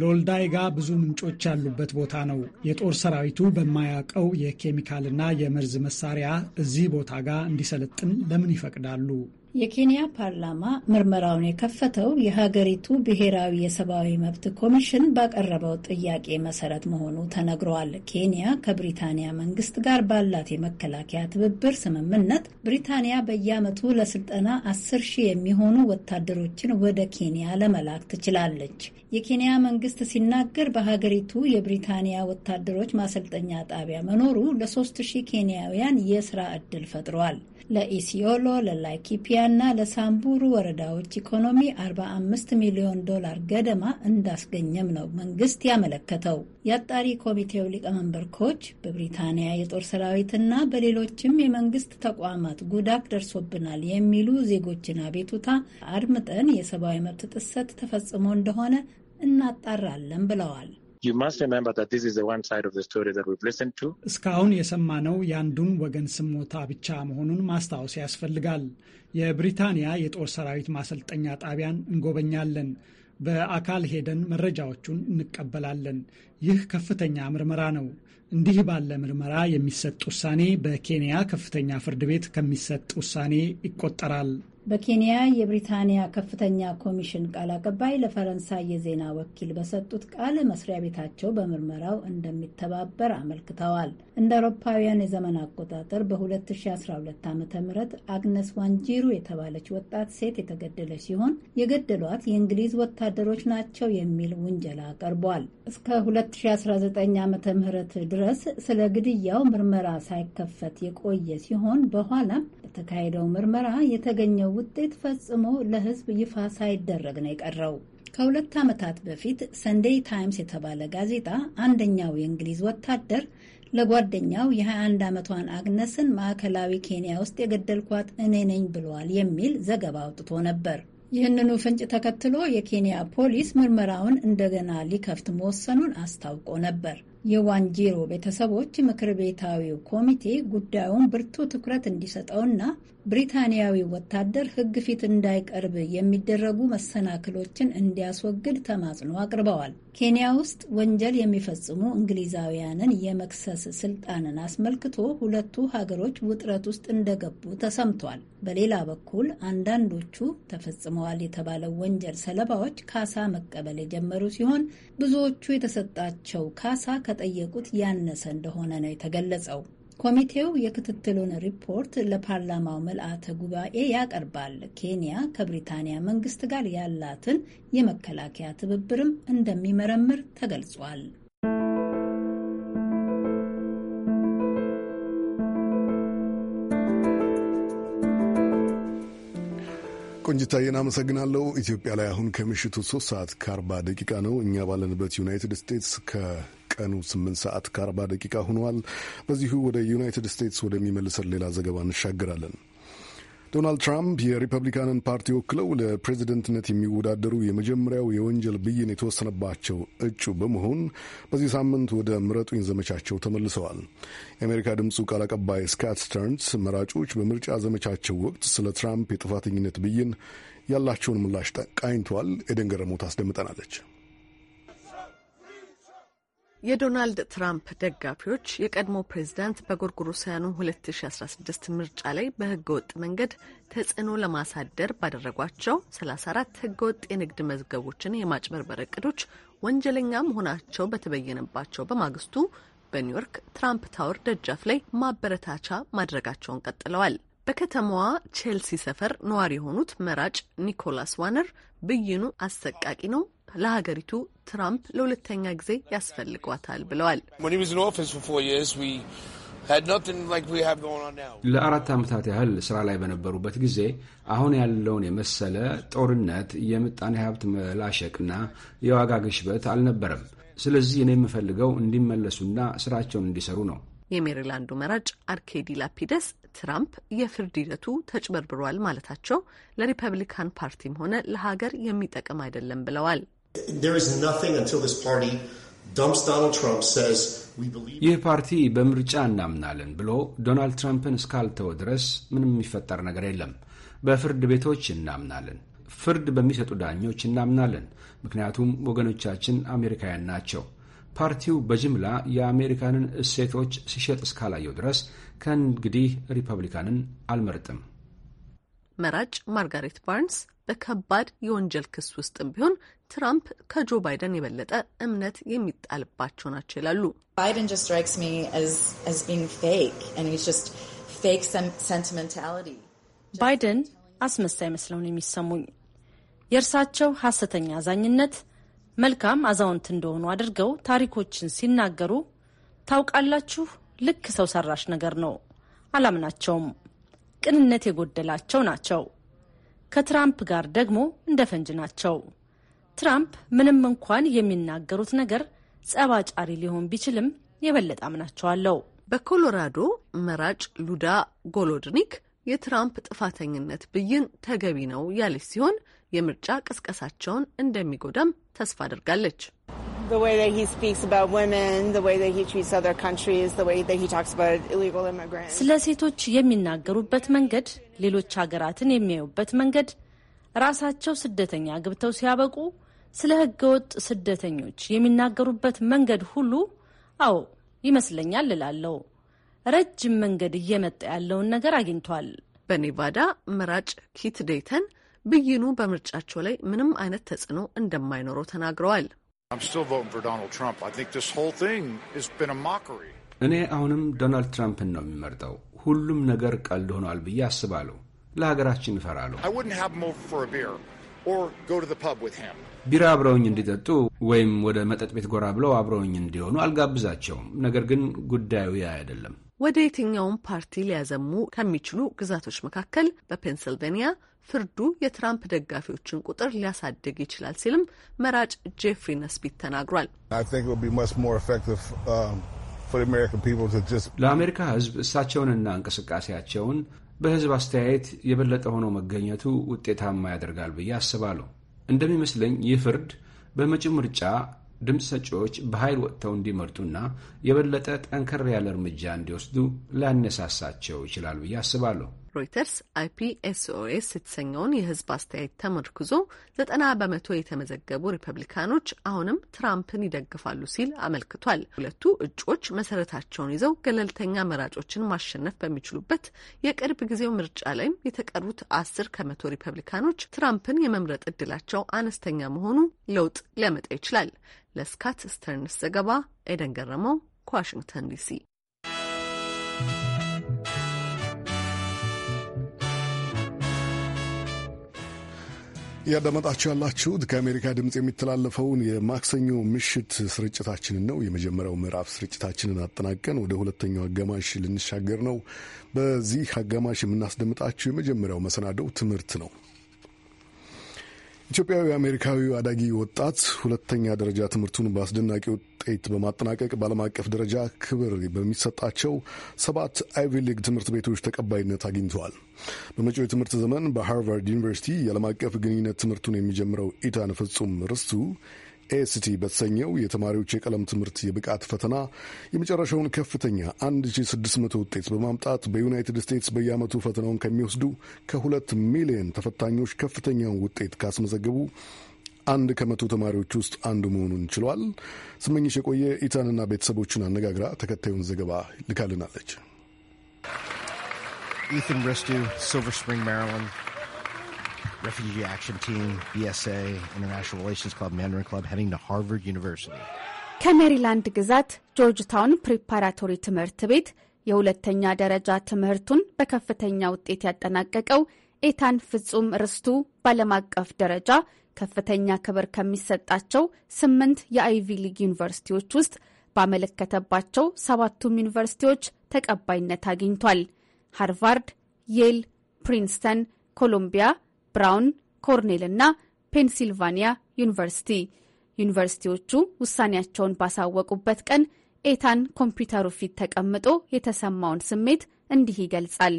ሎልዳይጋ ብዙ ምንጮች ያሉበት ቦታ ነው። የጦር ሰራዊቱ በማያውቀው የኬሚካልና የመርዝ መሳሪያ እዚህ ቦታ ጋር እንዲሰለጥን ለምን ይፈቅዳሉ? የኬንያ ፓርላማ ምርመራውን የከፈተው የሀገሪቱ ብሔራዊ የሰብአዊ መብት ኮሚሽን ባቀረበው ጥያቄ መሰረት መሆኑ ተነግሯል። ኬንያ ከብሪታንያ መንግስት ጋር ባላት የመከላከያ ትብብር ስምምነት ብሪታንያ በየዓመቱ ለስልጠና አስር ሺህ የሚሆኑ ወታደሮችን ወደ ኬንያ ለመላክ ትችላለች። የኬንያ መንግስት ሲናገር በሀገሪቱ የብሪታንያ ወታደሮች ማሰልጠኛ ጣቢያ መኖሩ ለሶስት ሺህ ኬንያውያን የስራ ዕድል ፈጥሯል። ለኢሲዮሎ፣ ለላይኪፒያ እና ለሳምቡሩ ወረዳዎች ኢኮኖሚ 45 ሚሊዮን ዶላር ገደማ እንዳስገኘም ነው መንግስት ያመለከተው። የአጣሪ ኮሚቴው ሊቀመንበር ኮች በብሪታንያ የጦር ሰራዊትና በሌሎችም የመንግስት ተቋማት ጉዳት ደርሶብናል የሚሉ ዜጎችን አቤቱታ አድምጠን የሰብአዊ መብት ጥሰት ተፈጽሞ እንደሆነ እናጣራለን ብለዋል። እስካሁን የሰማነው የአንዱን ወገን ስሞታ ብቻ መሆኑን ማስታወስ ያስፈልጋል። የብሪታንያ የጦር ሰራዊት ማሰልጠኛ ጣቢያን እንጎበኛለን። በአካል ሄደን መረጃዎቹን እንቀበላለን። ይህ ከፍተኛ ምርመራ ነው። እንዲህ ባለ ምርመራ የሚሰጥ ውሳኔ በኬንያ ከፍተኛ ፍርድ ቤት ከሚሰጥ ውሳኔ ይቆጠራል። በኬንያ የብሪታንያ ከፍተኛ ኮሚሽን ቃል አቀባይ ለፈረንሳይ የዜና ወኪል በሰጡት ቃል መስሪያ ቤታቸው በምርመራው እንደሚተባበር አመልክተዋል። እንደ አውሮፓውያን የዘመን አቆጣጠር በ2012 ዓ ም አግነስ ዋንጂሩ የተባለች ወጣት ሴት የተገደለች ሲሆን የገደሏት የእንግሊዝ ወታደሮች ናቸው የሚል ውንጀላ ቀርቧል። እስከ 2019 ዓ ም ድረስ ስለ ግድያው ምርመራ ሳይከፈት የቆየ ሲሆን በኋላም በተካሄደው ምርመራ የተገኘው ውጤት ፈጽሞ ለሕዝብ ይፋ ሳይደረግ ነው የቀረው። ከሁለት ዓመታት በፊት ሰንዴይ ታይምስ የተባለ ጋዜጣ አንደኛው የእንግሊዝ ወታደር ለጓደኛው የ21 ዓመቷን አግነስን ማዕከላዊ ኬንያ ውስጥ የገደልኳት እኔ ነኝ ብሏል የሚል ዘገባ አውጥቶ ነበር። ይህንኑ ፍንጭ ተከትሎ የኬንያ ፖሊስ ምርመራውን እንደገና ሊከፍት መወሰኑን አስታውቆ ነበር። የዋንጂሮ ቤተሰቦች ምክር ቤታዊው ኮሚቴ ጉዳዩን ብርቱ ትኩረት እንዲሰጠውና ብሪታንያዊ ወታደር ሕግ ፊት እንዳይቀርብ የሚደረጉ መሰናክሎችን እንዲያስወግድ ተማጽኖ አቅርበዋል። ኬንያ ውስጥ ወንጀል የሚፈጽሙ እንግሊዛውያንን የመክሰስ ስልጣንን አስመልክቶ ሁለቱ ሀገሮች ውጥረት ውስጥ እንደገቡ ተሰምቷል። በሌላ በኩል አንዳንዶቹ ተፈጽመዋል የተባለው ወንጀል ሰለባዎች ካሳ መቀበል የጀመሩ ሲሆን ብዙዎቹ የተሰጣቸው ካሳ ከጠየቁት ያነሰ እንደሆነ ነው የተገለጸው። ኮሚቴው የክትትሉን ሪፖርት ለፓርላማው ምልአተ ጉባኤ ያቀርባል። ኬንያ ከብሪታንያ መንግስት ጋር ያላትን የመከላከያ ትብብርም እንደሚመረምር ተገልጿል። ቆንጅታዬን አመሰግናለሁ። ኢትዮጵያ ላይ አሁን ከምሽቱ ሶስት ሰዓት ከአርባ ደቂቃ ነው። እኛ ባለንበት ዩናይትድ ስቴትስ ከቀኑ 8 ሰዓት ከ40 ደቂቃ ሆነዋል። በዚሁ ወደ ዩናይትድ ስቴትስ ወደሚመልሰን ሌላ ዘገባ እንሻገራለን። ዶናልድ ትራምፕ የሪፐብሊካንን ፓርቲ ወክለው ለፕሬዚደንትነት የሚወዳደሩ የመጀመሪያው የወንጀል ብይን የተወሰነባቸው እጩ በመሆን በዚህ ሳምንት ወደ ምረጡኝ ዘመቻቸው ተመልሰዋል። የአሜሪካ ድምፁ ቃል አቀባይ ስካት ስተርንስ መራጮች በምርጫ ዘመቻቸው ወቅት ስለ ትራምፕ የጥፋተኝነት ብይን ያላቸውን ምላሽ ቃኝተዋል። ኤደን ገረሞት አስደምጠናለች። የዶናልድ ትራምፕ ደጋፊዎች የቀድሞ ፕሬዚዳንት በጎርጎሮሳውያኑ 2016 ምርጫ ላይ በህገወጥ መንገድ ተጽዕኖ ለማሳደር ባደረጓቸው 34 ህገወጥ የንግድ መዝገቦችን የማጭበርበር እቅዶች ወንጀለኛ መሆናቸው በተበየነባቸው በማግስቱ በኒውዮርክ ትራምፕ ታወር ደጃፍ ላይ ማበረታቻ ማድረጋቸውን ቀጥለዋል። በከተማዋ ቼልሲ ሰፈር ነዋሪ የሆኑት መራጭ ኒኮላስ ዋነር ብይኑ አሰቃቂ ነው፣ ለሀገሪቱ ትራምፕ ለሁለተኛ ጊዜ ያስፈልጓታል ብለዋል። ለአራት ዓመታት ያህል ስራ ላይ በነበሩበት ጊዜ አሁን ያለውን የመሰለ ጦርነት፣ የምጣኔ ሀብት መላሸቅና የዋጋ ግሽበት አልነበረም። ስለዚህ እኔ የምፈልገው እንዲመለሱና ስራቸውን እንዲሰሩ ነው። የሜሪላንዱ መራጭ አርኬዲ ላፒደስ ትራምፕ የፍርድ ሂደቱ ተጭበርብሯል ማለታቸው ለሪፐብሊካን ፓርቲም ሆነ ለሀገር የሚጠቅም አይደለም ብለዋል። ይህ ፓርቲ በምርጫ እናምናለን ብሎ ዶናልድ ትራምፕን እስካልተው ድረስ ምንም የሚፈጠር ነገር የለም። በፍርድ ቤቶች እናምናለን፣ ፍርድ በሚሰጡ ዳኞች እናምናለን። ምክንያቱም ወገኖቻችን አሜሪካውያን ናቸው። ፓርቲው በጅምላ የአሜሪካንን እሴቶች ሲሸጥ እስካላየው ድረስ ከእንግዲህ ሪፐብሊካንን አልመርጥም። መራጭ ማርጋሬት ባርንስ በከባድ የወንጀል ክስ ውስጥም ቢሆን ትራምፕ ከጆ ባይደን የበለጠ እምነት የሚጣልባቸው ናቸው ይላሉ። ባይደን አስመሳይ መስለው ነው የሚሰሙኝ። የእርሳቸው ሐሰተኛ አዛኝነት መልካም አዛውንት እንደሆኑ አድርገው ታሪኮችን ሲናገሩ ታውቃላችሁ፣ ልክ ሰው ሰራሽ ነገር ነው። አላምናቸውም። ቅንነት የጎደላቸው ናቸው። ከትራምፕ ጋር ደግሞ እንደ ፈንጅ ናቸው። ትራምፕ ምንም እንኳን የሚናገሩት ነገር ጸብ ሊሆን ቢችልም የበለጠ አምናቸዋለሁ። በኮሎራዶ መራጭ ሉዳ ጎሎድኒክ የትራምፕ ጥፋተኝነት ብይን ተገቢ ነው ያለች ሲሆን የምርጫ ቅስቀሳቸውን እንደሚጎዳም ተስፋ አድርጋለች። ስለ ሴቶች የሚናገሩበት መንገድ፣ ሌሎች ሀገራትን የሚያዩበት መንገድ፣ ራሳቸው ስደተኛ ግብተው ሲያበቁ ስለ ህገወጥ ስደተኞች የሚናገሩበት መንገድ ሁሉ አዎ ይመስለኛል እላለሁ። ረጅም መንገድ እየመጣ ያለውን ነገር አግኝቷል። በኔቫዳ መራጭ ኪት ዴይተን ብይኑ በምርጫቸው ላይ ምንም አይነት ተጽዕኖ እንደማይኖረው ተናግረዋል። እኔ አሁንም ዶናልድ ትራምፕን ነው የሚመርጠው። ሁሉም ነገር ቀልድ ሆኗል ብዬ አስባለሁ። ለሀገራችን እፈራለሁ። ቢራ አብረውኝ እንዲጠጡ ወይም ወደ መጠጥ ቤት ጎራ ብለው አብረውኝ እንዲሆኑ አልጋብዛቸውም። ነገር ግን ጉዳዩ ያ አይደለም። ወደ የትኛውም ፓርቲ ሊያዘሙ ከሚችሉ ግዛቶች መካከል በፔንስልቬንያ ፍርዱ የትራምፕ ደጋፊዎችን ቁጥር ሊያሳድግ ይችላል ሲልም መራጭ ጄፍሪ ነስቢት ተናግሯል። um, ለአሜሪካ ሕዝብ እሳቸውንና እንቅስቃሴያቸውን በሕዝብ አስተያየት የበለጠ ሆኖ መገኘቱ ውጤታማ ያደርጋል ብዬ አስባለሁ። እንደሚመስለኝ ይህ ፍርድ በመጪው ምርጫ ድምፅ ሰጪዎች በኃይል ወጥተው እንዲመርጡና የበለጠ ጠንከር ያለ እርምጃ እንዲወስዱ ሊያነሳሳቸው ይችላል ብዬ አስባለሁ። ሮይተርስ ኤስኦኤስ የተሰኘውን የህዝብ አስተያየት ተመርክዞ ዘጠና በመቶ የተመዘገቡ ሪፐብሊካኖች አሁንም ትራምፕን ይደግፋሉ ሲል አመልክቷል። ሁለቱ እጩዎች መሰረታቸውን ይዘው ገለልተኛ መራጮችን ማሸነፍ በሚችሉበት የቅርብ ጊዜው ምርጫ ላይም የተቀሩት አስር ከመቶ ሪፐብሊካኖች ትራምፕን የመምረጥ እድላቸው አነስተኛ መሆኑ ለውጥ ሊያመጣ ይችላል። ለስካት ስተርንስ ዘገባ ኤደን ገረመው ከዋሽንግተን ዲሲ እያዳመጣችሁ ያላችሁት ከአሜሪካ ድምፅ የሚተላለፈውን የማክሰኞ ምሽት ስርጭታችንን ነው። የመጀመሪያው ምዕራፍ ስርጭታችንን አጠናቀን ወደ ሁለተኛው አጋማሽ ልንሻገር ነው። በዚህ አጋማሽ የምናስደምጣችሁ የመጀመሪያው መሰናደው ትምህርት ነው። ኢትዮጵያዊ አሜሪካዊ አዳጊ ወጣት ሁለተኛ ደረጃ ትምህርቱን በአስደናቂ ውጤት በማጠናቀቅ በዓለም አቀፍ ደረጃ ክብር በሚሰጣቸው ሰባት አይቪ ሊግ ትምህርት ቤቶች ተቀባይነት አግኝተዋል። በመጪው የትምህርት ዘመን በሃርቫርድ ዩኒቨርሲቲ የዓለም አቀፍ ግንኙነት ትምህርቱን የሚጀምረው ኢታን ፍጹም ርስቱ ኤስቲ በተሰኘው የተማሪዎች የቀለም ትምህርት የብቃት ፈተና የመጨረሻውን ከፍተኛ 1600 ውጤት በማምጣት በዩናይትድ ስቴትስ በየዓመቱ ፈተናውን ከሚወስዱ ከሁለት ሚሊዮን ተፈታኞች ከፍተኛውን ውጤት ካስመዘገቡ አንድ ከመቶ ተማሪዎች ውስጥ አንዱ መሆኑን ችሏል። ስመኝሽ የቆየ ኢታንና ቤተሰቦቹን አነጋግራ ተከታዩን ዘገባ ልካልናለች። ኢታን ሲልቨር ስፕሪንግ Refugee Action Team, BSA, International Relations Club, Mandarin Club, heading to Harvard University. ከሜሪላንድ ግዛት ጆርጅ ታውን ፕሪፓራቶሪ ትምህርት ቤት የሁለተኛ ደረጃ ትምህርቱን በከፍተኛ ውጤት ያጠናቀቀው ኤታን ፍጹም ርስቱ ባለም አቀፍ ደረጃ ከፍተኛ ክብር ከሚሰጣቸው ስምንት የአይቪ ሊግ ዩኒቨርሲቲዎች ውስጥ ባመለከተባቸው ሰባቱም ዩኒቨርሲቲዎች ተቀባይነት አግኝቷል። ሃርቫርድ፣ የል፣ ፕሪንስተን፣ ኮሎምቢያ ብራውን፣ ኮርኔል እና ፔንሲልቫኒያ ዩኒቨርሲቲ። ዩኒቨርሲቲዎቹ ውሳኔያቸውን ባሳወቁበት ቀን ኤታን ኮምፒውተሩ ፊት ተቀምጦ የተሰማውን ስሜት እንዲህ ይገልጻል።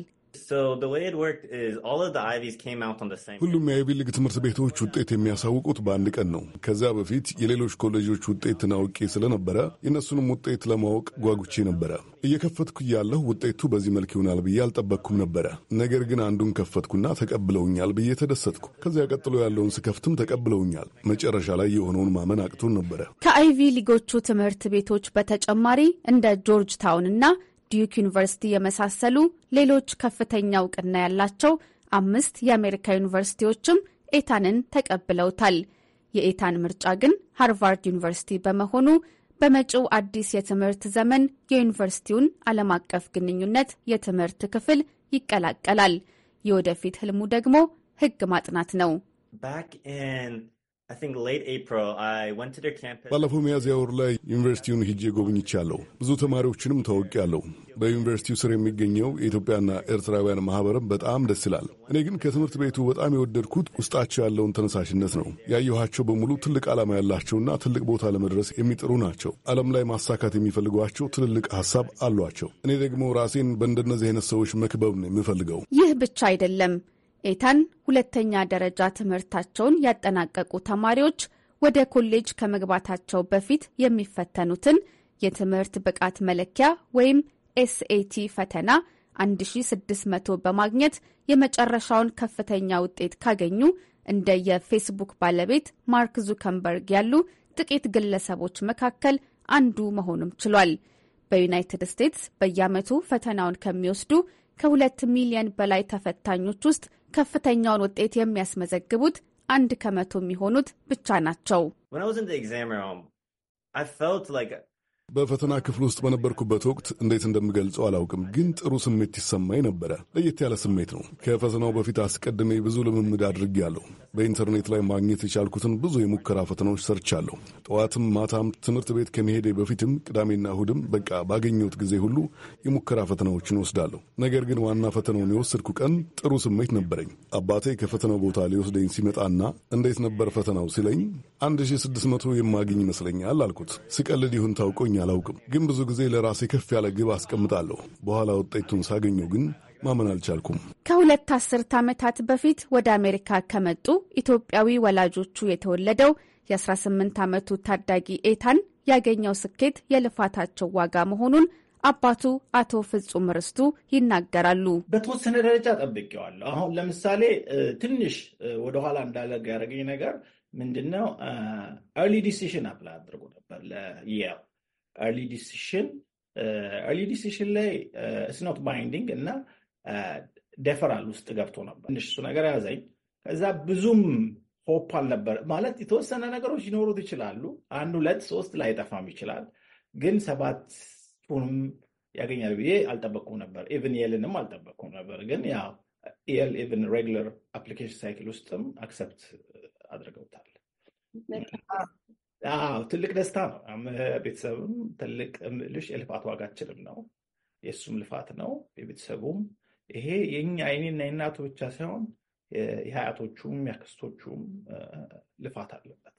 ሁሉም የአይቪ ሊግ ትምህርት ቤቶች ውጤት የሚያሳውቁት በአንድ ቀን ነው። ከዚያ በፊት የሌሎች ኮሌጆች ውጤትን አውቄ ስለነበረ የእነሱንም ውጤት ለማወቅ ጓጉቼ ነበረ። እየከፈትኩ እያለሁ ውጤቱ በዚህ መልክ ይሆናል ብዬ አልጠበቅኩም ነበረ። ነገር ግን አንዱን ከፈትኩና ተቀብለውኛል ብዬ ተደሰትኩ። ከዚያ ቀጥሎ ያለውን ስከፍትም ተቀብለውኛል። መጨረሻ ላይ የሆነውን ማመን አቅቶን ነበረ። ከአይቪ ሊጎቹ ትምህርት ቤቶች በተጨማሪ እንደ ጆርጅ ታውን ና ዲዩክ ዩኒቨርሲቲ የመሳሰሉ ሌሎች ከፍተኛ እውቅና ያላቸው አምስት የአሜሪካ ዩኒቨርሲቲዎችም ኤታንን ተቀብለውታል። የኤታን ምርጫ ግን ሃርቫርድ ዩኒቨርሲቲ በመሆኑ በመጪው አዲስ የትምህርት ዘመን የዩኒቨርሲቲውን ዓለም አቀፍ ግንኙነት የትምህርት ክፍል ይቀላቀላል። የወደፊት ህልሙ ደግሞ ህግ ማጥናት ነው። ባለፈው ሚያዝያ ወር ላይ ዩኒቨርሲቲውን ሄጄ ጎብኝቻለሁ። ብዙ ተማሪዎችንም ታውቂያለሁ። በዩኒቨርሲቲው ስር የሚገኘው የኢትዮጵያና ኤርትራውያን ማህበርም በጣም ደስ ይላል። እኔ ግን ከትምህርት ቤቱ በጣም የወደድኩት ውስጣቸው ያለውን ተነሳሽነት ነው። ያየኋቸው በሙሉ ትልቅ ዓላማ ያላቸውና ትልቅ ቦታ ለመድረስ የሚጥሩ ናቸው። ዓለም ላይ ማሳካት የሚፈልጓቸው ትልልቅ ሀሳብ አሏቸው። እኔ ደግሞ ራሴን በእንደነዚህ አይነት ሰዎች መክበብ ነው የምፈልገው። ይህ ብቻ አይደለም። ኤታን ሁለተኛ ደረጃ ትምህርታቸውን ያጠናቀቁ ተማሪዎች ወደ ኮሌጅ ከመግባታቸው በፊት የሚፈተኑትን የትምህርት ብቃት መለኪያ ወይም ኤስኤቲ ፈተና 1600 በማግኘት የመጨረሻውን ከፍተኛ ውጤት ካገኙ እንደ የፌስቡክ ባለቤት ማርክ ዙከንበርግ ያሉ ጥቂት ግለሰቦች መካከል አንዱ መሆኑም ችሏል። በዩናይትድ ስቴትስ በየዓመቱ ፈተናውን ከሚወስዱ ከሁለት ሚሊዮን በላይ ተፈታኞች ውስጥ ከፍተኛውን ውጤት የሚያስመዘግቡት አንድ ከመቶ የሚሆኑት ብቻ ናቸው። በፈተና ክፍል ውስጥ በነበርኩበት ወቅት እንዴት እንደምገልጸው አላውቅም፣ ግን ጥሩ ስሜት ይሰማኝ ነበረ። ለየት ያለ ስሜት ነው። ከፈተናው በፊት አስቀድሜ ብዙ ልምምድ አድርጌያለሁ። በኢንተርኔት ላይ ማግኘት የቻልኩትን ብዙ የሙከራ ፈተናዎች ሰርቻለሁ። ጠዋትም ማታም ትምህርት ቤት ከመሄዴ በፊትም ቅዳሜና እሁድም በቃ ባገኘሁት ጊዜ ሁሉ የሙከራ ፈተናዎችን ወስዳለሁ። ነገር ግን ዋና ፈተናውን የወሰድኩ ቀን ጥሩ ስሜት ነበረኝ። አባቴ ከፈተናው ቦታ ሊወስደኝ ሲመጣና እንዴት ነበር ፈተናው ሲለኝ 1600 የማግኝ ይመስለኛል አልኩት። ስቀልድ ይሁን ታውቆኝ አላውቅም፣ ግን ብዙ ጊዜ ለራሴ ከፍ ያለ ግብ አስቀምጣለሁ። በኋላ ውጤቱን ሳገኘው ግን ማመን አልቻልኩም። ከሁለት አስርት ዓመታት በፊት ወደ አሜሪካ ከመጡ ኢትዮጵያዊ ወላጆቹ የተወለደው የ18 ዓመቱ ታዳጊ ኤታን ያገኘው ስኬት የልፋታቸው ዋጋ መሆኑን አባቱ አቶ ፍጹም ርስቱ ይናገራሉ። በተወሰነ ደረጃ ጠብቄዋለሁ። አሁን ለምሳሌ ትንሽ ወደኋላ እንዳለግ ያደረገኝ ነገር ምንድነው? ኤርሊ ዲሲሽን አፕላይ አድርጎ ነበር ለየል ኤርሊ ዲሲሽን ኤርሊ ዲሲሽን ላይ ስኖት ባይንዲንግ እና ደፈራል ውስጥ ገብቶ ነበር። ትንሽ እሱ ነገር ያዘኝ። ከዛ ብዙም ሆፕ አልነበር ማለት የተወሰነ ነገሮች ሊኖሩት ይችላሉ። አንድ ሁለት ሶስት ላይጠፋም ይችላል፣ ግን ሰባቱንም ያገኛል ብዬ አልጠበቅኩም ነበር። ኢቭን የልንም አልጠበቅኩም ነበር። ግን ያው ኤል ኢቭን ሬግለር አፕሊኬሽን ሳይክል ውስጥም አክሰፕት አድርገውታል። ትልቅ ደስታ ነው። ቤተሰብም ትልቅ ልሽ የልፋት ዋጋችንም ነው፣ የእሱም ልፋት ነው የቤተሰቡም ይሄ የኛ የኔና የእናቱ ብቻ ሳይሆን የሀያቶቹም ያክስቶቹም ልፋት አለበት።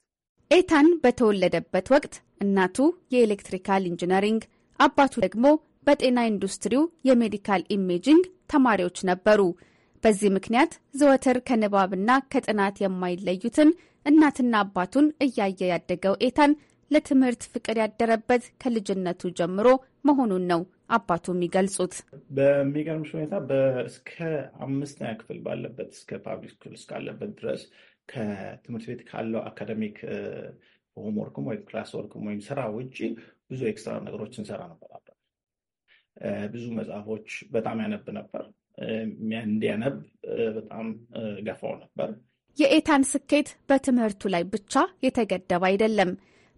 ኤታን በተወለደበት ወቅት እናቱ የኤሌክትሪካል ኢንጂነሪንግ፣ አባቱ ደግሞ በጤና ኢንዱስትሪው የሜዲካል ኢሜጂንግ ተማሪዎች ነበሩ። በዚህ ምክንያት ዘወትር ከንባብና ከጥናት የማይለዩትን እናትና አባቱን እያየ ያደገው ኤታን ለትምህርት ፍቅር ያደረበት ከልጅነቱ ጀምሮ መሆኑን ነው አባቱ የሚገልጹት። በሚገርምሽ ሁኔታ እስከ አምስተኛ ክፍል ባለበት እስከ ፓብሊክ ስኩል እስካለበት ድረስ ከትምህርት ቤት ካለው አካደሚክ ሆምወርክም ወይም ክላስ ወርክም ወይም ስራ ውጭ ብዙ ኤክስትራ ነገሮች እንሰራ ነበር። ብዙ መጽሐፎች በጣም ያነብ ነበር። እንዲያነብ በጣም ገፋው ነበር። የኤታን ስኬት በትምህርቱ ላይ ብቻ የተገደበ አይደለም።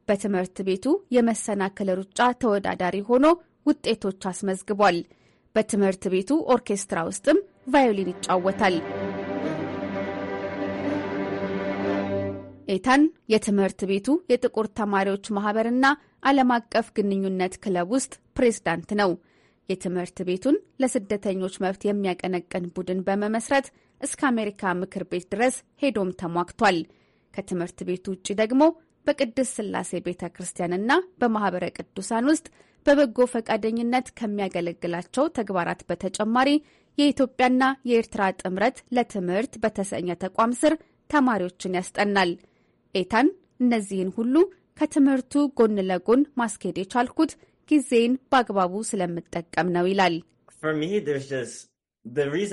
በትምህርት ቤቱ የመሰናክል ሩጫ ተወዳዳሪ ሆኖ ውጤቶች አስመዝግቧል። በትምህርት ቤቱ ኦርኬስትራ ውስጥም ቫዮሊን ይጫወታል። ኤታን የትምህርት ቤቱ የጥቁር ተማሪዎች ማህበርና ዓለም አቀፍ ግንኙነት ክለብ ውስጥ ፕሬዝዳንት ነው። የትምህርት ቤቱን ለስደተኞች መብት የሚያቀነቅን ቡድን በመመስረት እስከ አሜሪካ ምክር ቤት ድረስ ሄዶም ተሟግቷል። ከትምህርት ቤቱ ውጭ ደግሞ በቅድስት ስላሴ ቤተ ክርስቲያንና በማህበረ ቅዱሳን ውስጥ በበጎ ፈቃደኝነት ከሚያገለግላቸው ተግባራት በተጨማሪ የኢትዮጵያና የኤርትራ ጥምረት ለትምህርት በተሰኘ ተቋም ስር ተማሪዎችን ያስጠናል። ኤታን እነዚህን ሁሉ ከትምህርቱ ጎን ለጎን ማስኬድ የቻልኩት ጊዜን በአግባቡ ስለምጠቀም ነው ይላል። እኔ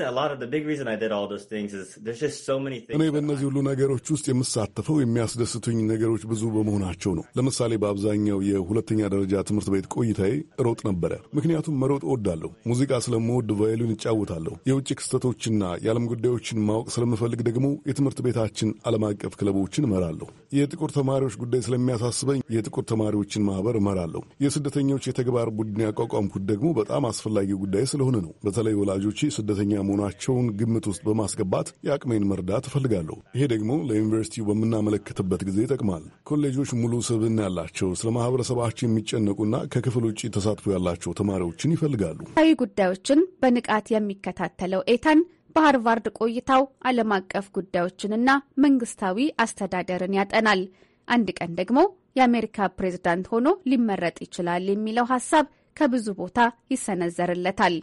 በእነዚህ ሁሉ ነገሮች ውስጥ የምሳተፈው የሚያስደስቱኝ ነገሮች ብዙ በመሆናቸው ነው። ለምሳሌ በአብዛኛው የሁለተኛ ደረጃ ትምህርት ቤት ቆይታዬ ሮጥ ነበረ፣ ምክንያቱም መሮጥ እወዳለሁ። ሙዚቃ ስለምወድ ቫዮሊን እጫወታለሁ። የውጭ ክስተቶችና የዓለም ጉዳዮችን ማወቅ ስለምፈልግ ደግሞ የትምህርት ቤታችን ዓለም አቀፍ ክለቦችን እመራለሁ። የጥቁር ተማሪዎች ጉዳይ ስለሚያሳስበኝ የጥቁር ተማሪዎችን ማህበር እመራለሁ። የስደተኞች የተግባር ቡድን ያቋቋምኩት ደግሞ በጣም አስፈላጊ ጉዳይ ስለሆነ ነው። በተለይ ወላጆቼ ስደተኛ መሆናቸውን ግምት ውስጥ በማስገባት የአቅሜን መርዳት እፈልጋለሁ። ይሄ ደግሞ ለዩኒቨርሲቲው በምናመለክትበት ጊዜ ይጠቅማል። ኮሌጆች ሙሉ ስብዕና ያላቸው ስለ ማህበረሰባቸው የሚጨነቁና ከክፍል ውጭ ተሳትፎ ያላቸው ተማሪዎችን ይፈልጋሉ። ታዊ ጉዳዮችን በንቃት የሚከታተለው ኤታን በሃርቫርድ ቆይታው ዓለም አቀፍ ጉዳዮችንና መንግስታዊ አስተዳደርን ያጠናል። አንድ ቀን ደግሞ የአሜሪካ ፕሬዝዳንት ሆኖ ሊመረጥ ይችላል የሚለው ሀሳብ ከብዙ ቦታ ይሰነዘርለታል።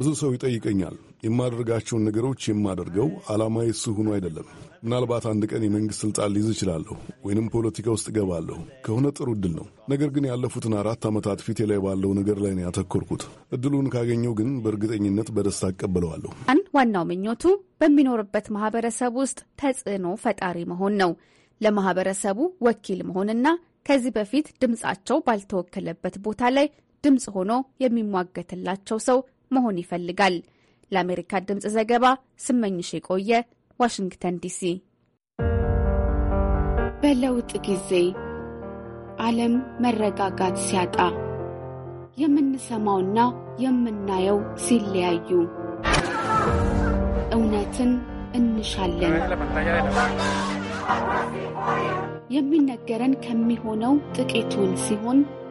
ብዙ ሰው ይጠይቀኛል። የማደርጋቸውን ነገሮች የማደርገው ዓላማ የሱ ሆኖ አይደለም። ምናልባት አንድ ቀን የመንግሥት ሥልጣን ሊይዝ እችላለሁ ወይንም ፖለቲካ ውስጥ እገባለሁ ከሆነ ጥሩ ዕድል ነው። ነገር ግን ያለፉትን አራት ዓመታት ፊቴ ላይ ባለው ነገር ላይ ነው ያተኮርኩት። ዕድሉን ካገኘው ግን በእርግጠኝነት በደስታ አቀብለዋለሁ። አን ዋናው ምኞቱ በሚኖርበት ማኅበረሰብ ውስጥ ተጽዕኖ ፈጣሪ መሆን ነው። ለማኅበረሰቡ ወኪል መሆንና ከዚህ በፊት ድምፃቸው ባልተወከለበት ቦታ ላይ ድምፅ ሆኖ የሚሟገትላቸው ሰው መሆን ይፈልጋል። ለአሜሪካ ድምፅ ዘገባ ስመኝሽ የቆየ ዋሽንግተን ዲሲ። በለውጥ ጊዜ ዓለም መረጋጋት ሲያጣ የምንሰማውና የምናየው ሲለያዩ እውነትን እንሻለን። የሚነገረን ከሚሆነው ጥቂቱን ሲሆን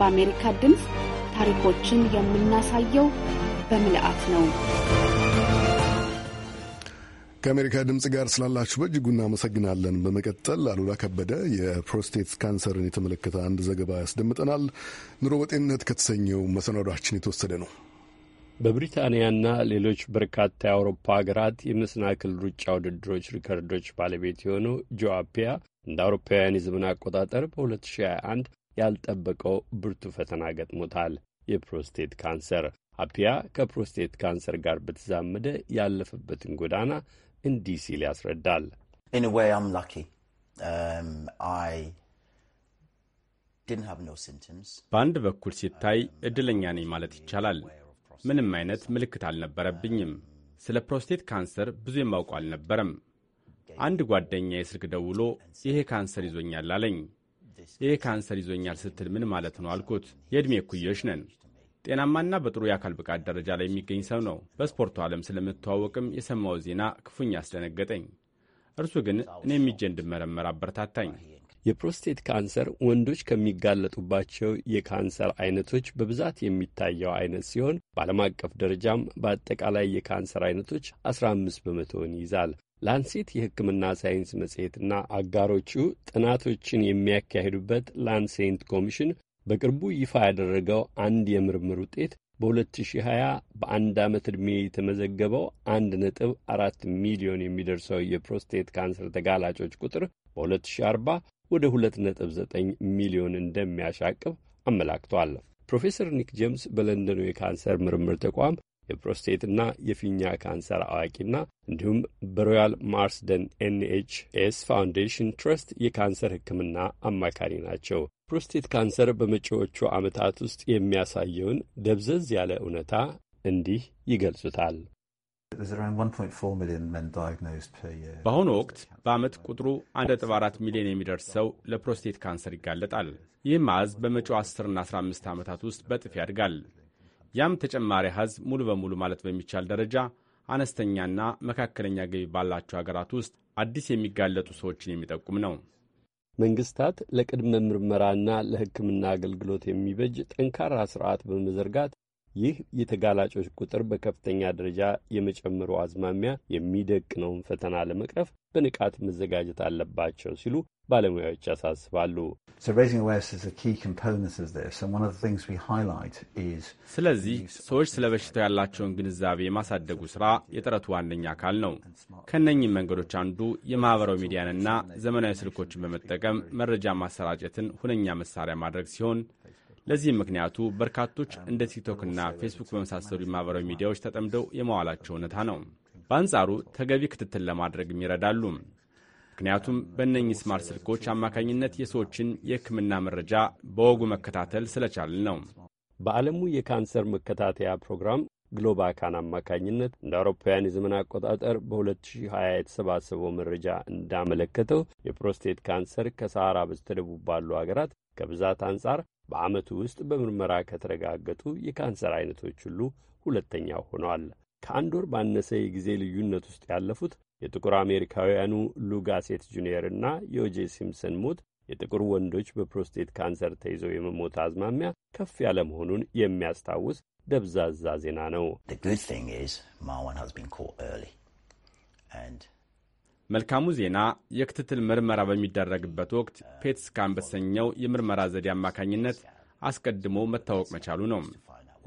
በአሜሪካ ድምፅ ታሪኮችን የምናሳየው በምልአት ነው። ከአሜሪካ ድምፅ ጋር ስላላችሁ በእጅጉ እናመሰግናለን። በመቀጠል አሉላ ከበደ የፕሮስቴት ካንሰርን የተመለከተ አንድ ዘገባ ያስደምጠናል። ኑሮ በጤንነት ከተሰኘው መሰናዷችን የተወሰደ ነው። በብሪታንያና ሌሎች በርካታ የአውሮፓ ሀገራት የመሰናክል ሩጫ ውድድሮች ሪከርዶች ባለቤት የሆነው ጆአፒያ እንደ አውሮፓውያን የዘመን አቆጣጠር በ2021 ያልጠበቀው ብርቱ ፈተና ገጥሞታል። የፕሮስቴት ካንሰር አፒያ ከፕሮስቴት ካንሰር ጋር በተዛመደ ያለፈበትን ጎዳና እንዲህ ሲል ያስረዳል። um, በአንድ በኩል ሲታይ እድለኛ ነኝ ማለት ይቻላል። ምንም አይነት ምልክት አልነበረብኝም። ስለ ፕሮስቴት ካንሰር ብዙ የማውቀው አልነበረም። አንድ ጓደኛ የስልክ ደውሎ ይሄ ካንሰር ይዞኛል አለኝ። ይህ ካንሰር ይዞኛል ስትል ምን ማለት ነው አልኩት። የዕድሜ እኩዮች ነን። ጤናማና በጥሩ የአካል ብቃት ደረጃ ላይ የሚገኝ ሰው ነው። በስፖርቱ ዓለም ስለምትተዋወቅም የሰማው ዜና ክፉኛ አስደነገጠኝ። እርሱ ግን እኔ የሚጄ እንድመረመር አበረታታኝ። የፕሮስቴት ካንሰር ወንዶች ከሚጋለጡባቸው የካንሰር አይነቶች በብዛት የሚታየው አይነት ሲሆን በዓለም አቀፍ ደረጃም በአጠቃላይ የካንሰር አይነቶች 15 በመቶውን ይይዛል። ላንሴት የሕክምና ሳይንስ መጽሔትና አጋሮቹ ጥናቶችን የሚያካሂዱበት ላንሴንት ኮሚሽን በቅርቡ ይፋ ያደረገው አንድ የምርምር ውጤት በ2020 በአንድ ዓመት ዕድሜ የተመዘገበው አንድ ነጥብ አራት ሚሊዮን የሚደርሰው የፕሮስቴት ካንሰር ተጋላጮች ቁጥር በ2040 ወደ 2.9 ሚሊዮን እንደሚያሻቅብ አመላክቷል። ፕሮፌሰር ኒክ ጄምስ በለንደኑ የካንሰር ምርምር ተቋም የፕሮስቴትና የፊኛ ካንሰር አዋቂና እንዲሁም በሮያል ማርስደን ኤንኤችኤስ ፋውንዴሽን ትረስት የካንሰር ሕክምና አማካሪ ናቸው። ፕሮስቴት ካንሰር በመጪዎቹ ዓመታት ውስጥ የሚያሳየውን ደብዘዝ ያለ እውነታ እንዲህ ይገልጹታል። በአሁኑ ወቅት በዓመት ቁጥሩ 1.4 ሚሊዮን የሚደርስ ሰው ለፕሮስቴት ካንሰር ይጋለጣል። ይህም መዓዝ በመጪው 10ና 15 ዓመታት ውስጥ በጥፍ ያድጋል። ያም ተጨማሪ ሀዝ ሙሉ በሙሉ ማለት በሚቻል ደረጃ አነስተኛና መካከለኛ ገቢ ባላቸው ሀገራት ውስጥ አዲስ የሚጋለጡ ሰዎችን የሚጠቁም ነው። መንግስታት ለቅድመ ምርመራና ለሕክምና አገልግሎት የሚበጅ ጠንካራ ስርዓት በመዘርጋት ይህ የተጋላጮች ቁጥር በከፍተኛ ደረጃ የመጨመሩ አዝማሚያ የሚደቅነውን ፈተና ለመቅረፍ በንቃት መዘጋጀት አለባቸው ሲሉ ባለሙያዎች ያሳስባሉ። ስለዚህ ሰዎች ስለ በሽታው ያላቸውን ግንዛቤ የማሳደጉ ሥራ የጥረቱ ዋነኛ አካል ነው። ከእነኚህም መንገዶች አንዱ የማኅበራዊ ሚዲያንና ዘመናዊ ስልኮችን በመጠቀም መረጃ ማሰራጨትን ሁነኛ መሳሪያ ማድረግ ሲሆን ለዚህም ምክንያቱ በርካቶች እንደ ቲክቶክና ፌስቡክ በመሳሰሉ የማህበራዊ ሚዲያዎች ተጠምደው የመዋላቸው እውነታ ነው። በአንጻሩ ተገቢ ክትትል ለማድረግም ይረዳሉ። ምክንያቱም በእነኚህ ስማርት ስልኮች አማካኝነት የሰዎችን የሕክምና መረጃ በወጉ መከታተል ስለቻልን ነው። በዓለሙ የካንሰር መከታተያ ፕሮግራም ግሎባካን አማካኝነት እንደ አውሮፓውያን የዘመን አቆጣጠር በ2020 የተሰባሰበው መረጃ እንዳመለከተው የፕሮስቴት ካንሰር ከሰሃራ በስተደቡብ ባሉ አገራት ከብዛት አንጻር በዓመቱ ውስጥ በምርመራ ከተረጋገጡ የካንሰር አይነቶች ሁሉ ሁለተኛው ሆኗል። ከአንድ ወር ባነሰ የጊዜ ልዩነት ውስጥ ያለፉት የጥቁር አሜሪካውያኑ ሉጋሴት ጁኒየር እና የኦጄ ሲምሰን ሞት የጥቁር ወንዶች በፕሮስቴት ካንሰር ተይዘው የመሞት አዝማሚያ ከፍ ያለ መሆኑን የሚያስታውስ ደብዛዛ ዜና ነው። መልካሙ ዜና የክትትል ምርመራ በሚደረግበት ወቅት ፔትስካን በተሰኘው የምርመራ ዘዴ አማካኝነት አስቀድሞ መታወቅ መቻሉ ነው።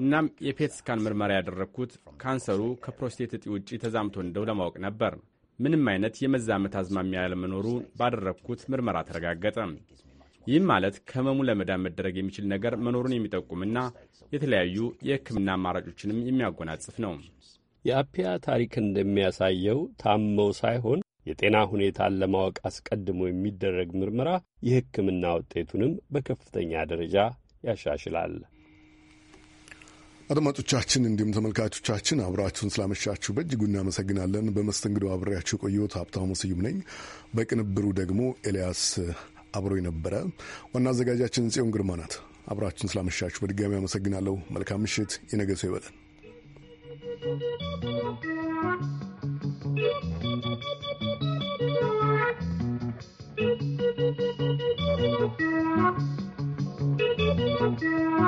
እናም የፔትስካን ምርመራ ያደረግኩት ካንሰሩ ከፕሮስቴት እጢ ውጪ ተዛምቶ እንደው ለማወቅ ነበር። ምንም አይነት የመዛመት አዝማሚያ ያለመኖሩ ባደረግኩት ምርመራ ተረጋገጠ። ይህም ማለት ከህመሙ ለመዳን መደረግ የሚችል ነገር መኖሩን የሚጠቁምና የተለያዩ የሕክምና አማራጮችንም የሚያጎናጽፍ ነው። የአፒያ ታሪክ እንደሚያሳየው ታመው ሳይሆን የጤና ሁኔታን ለማወቅ አስቀድሞ የሚደረግ ምርመራ የሕክምና ውጤቱንም በከፍተኛ ደረጃ ያሻሽላል። አድማጮቻችን እንዲሁም ተመልካቾቻችን አብራችሁን ስላመሻችሁ በእጅጉ እናመሰግናለን። በመስተንግዶ አብሬያችሁ የቆየሁት ሀብታሙ ስዩም ነኝ። በቅንብሩ ደግሞ ኤልያስ አብሮ ነበረ። ዋና አዘጋጃችን ጽዮን ግርማ ናት። አብራችሁን ስላመሻችሁ በድጋሚ አመሰግናለሁ። መልካም ምሽት። የነገ ሰው ይበለን። Thanks.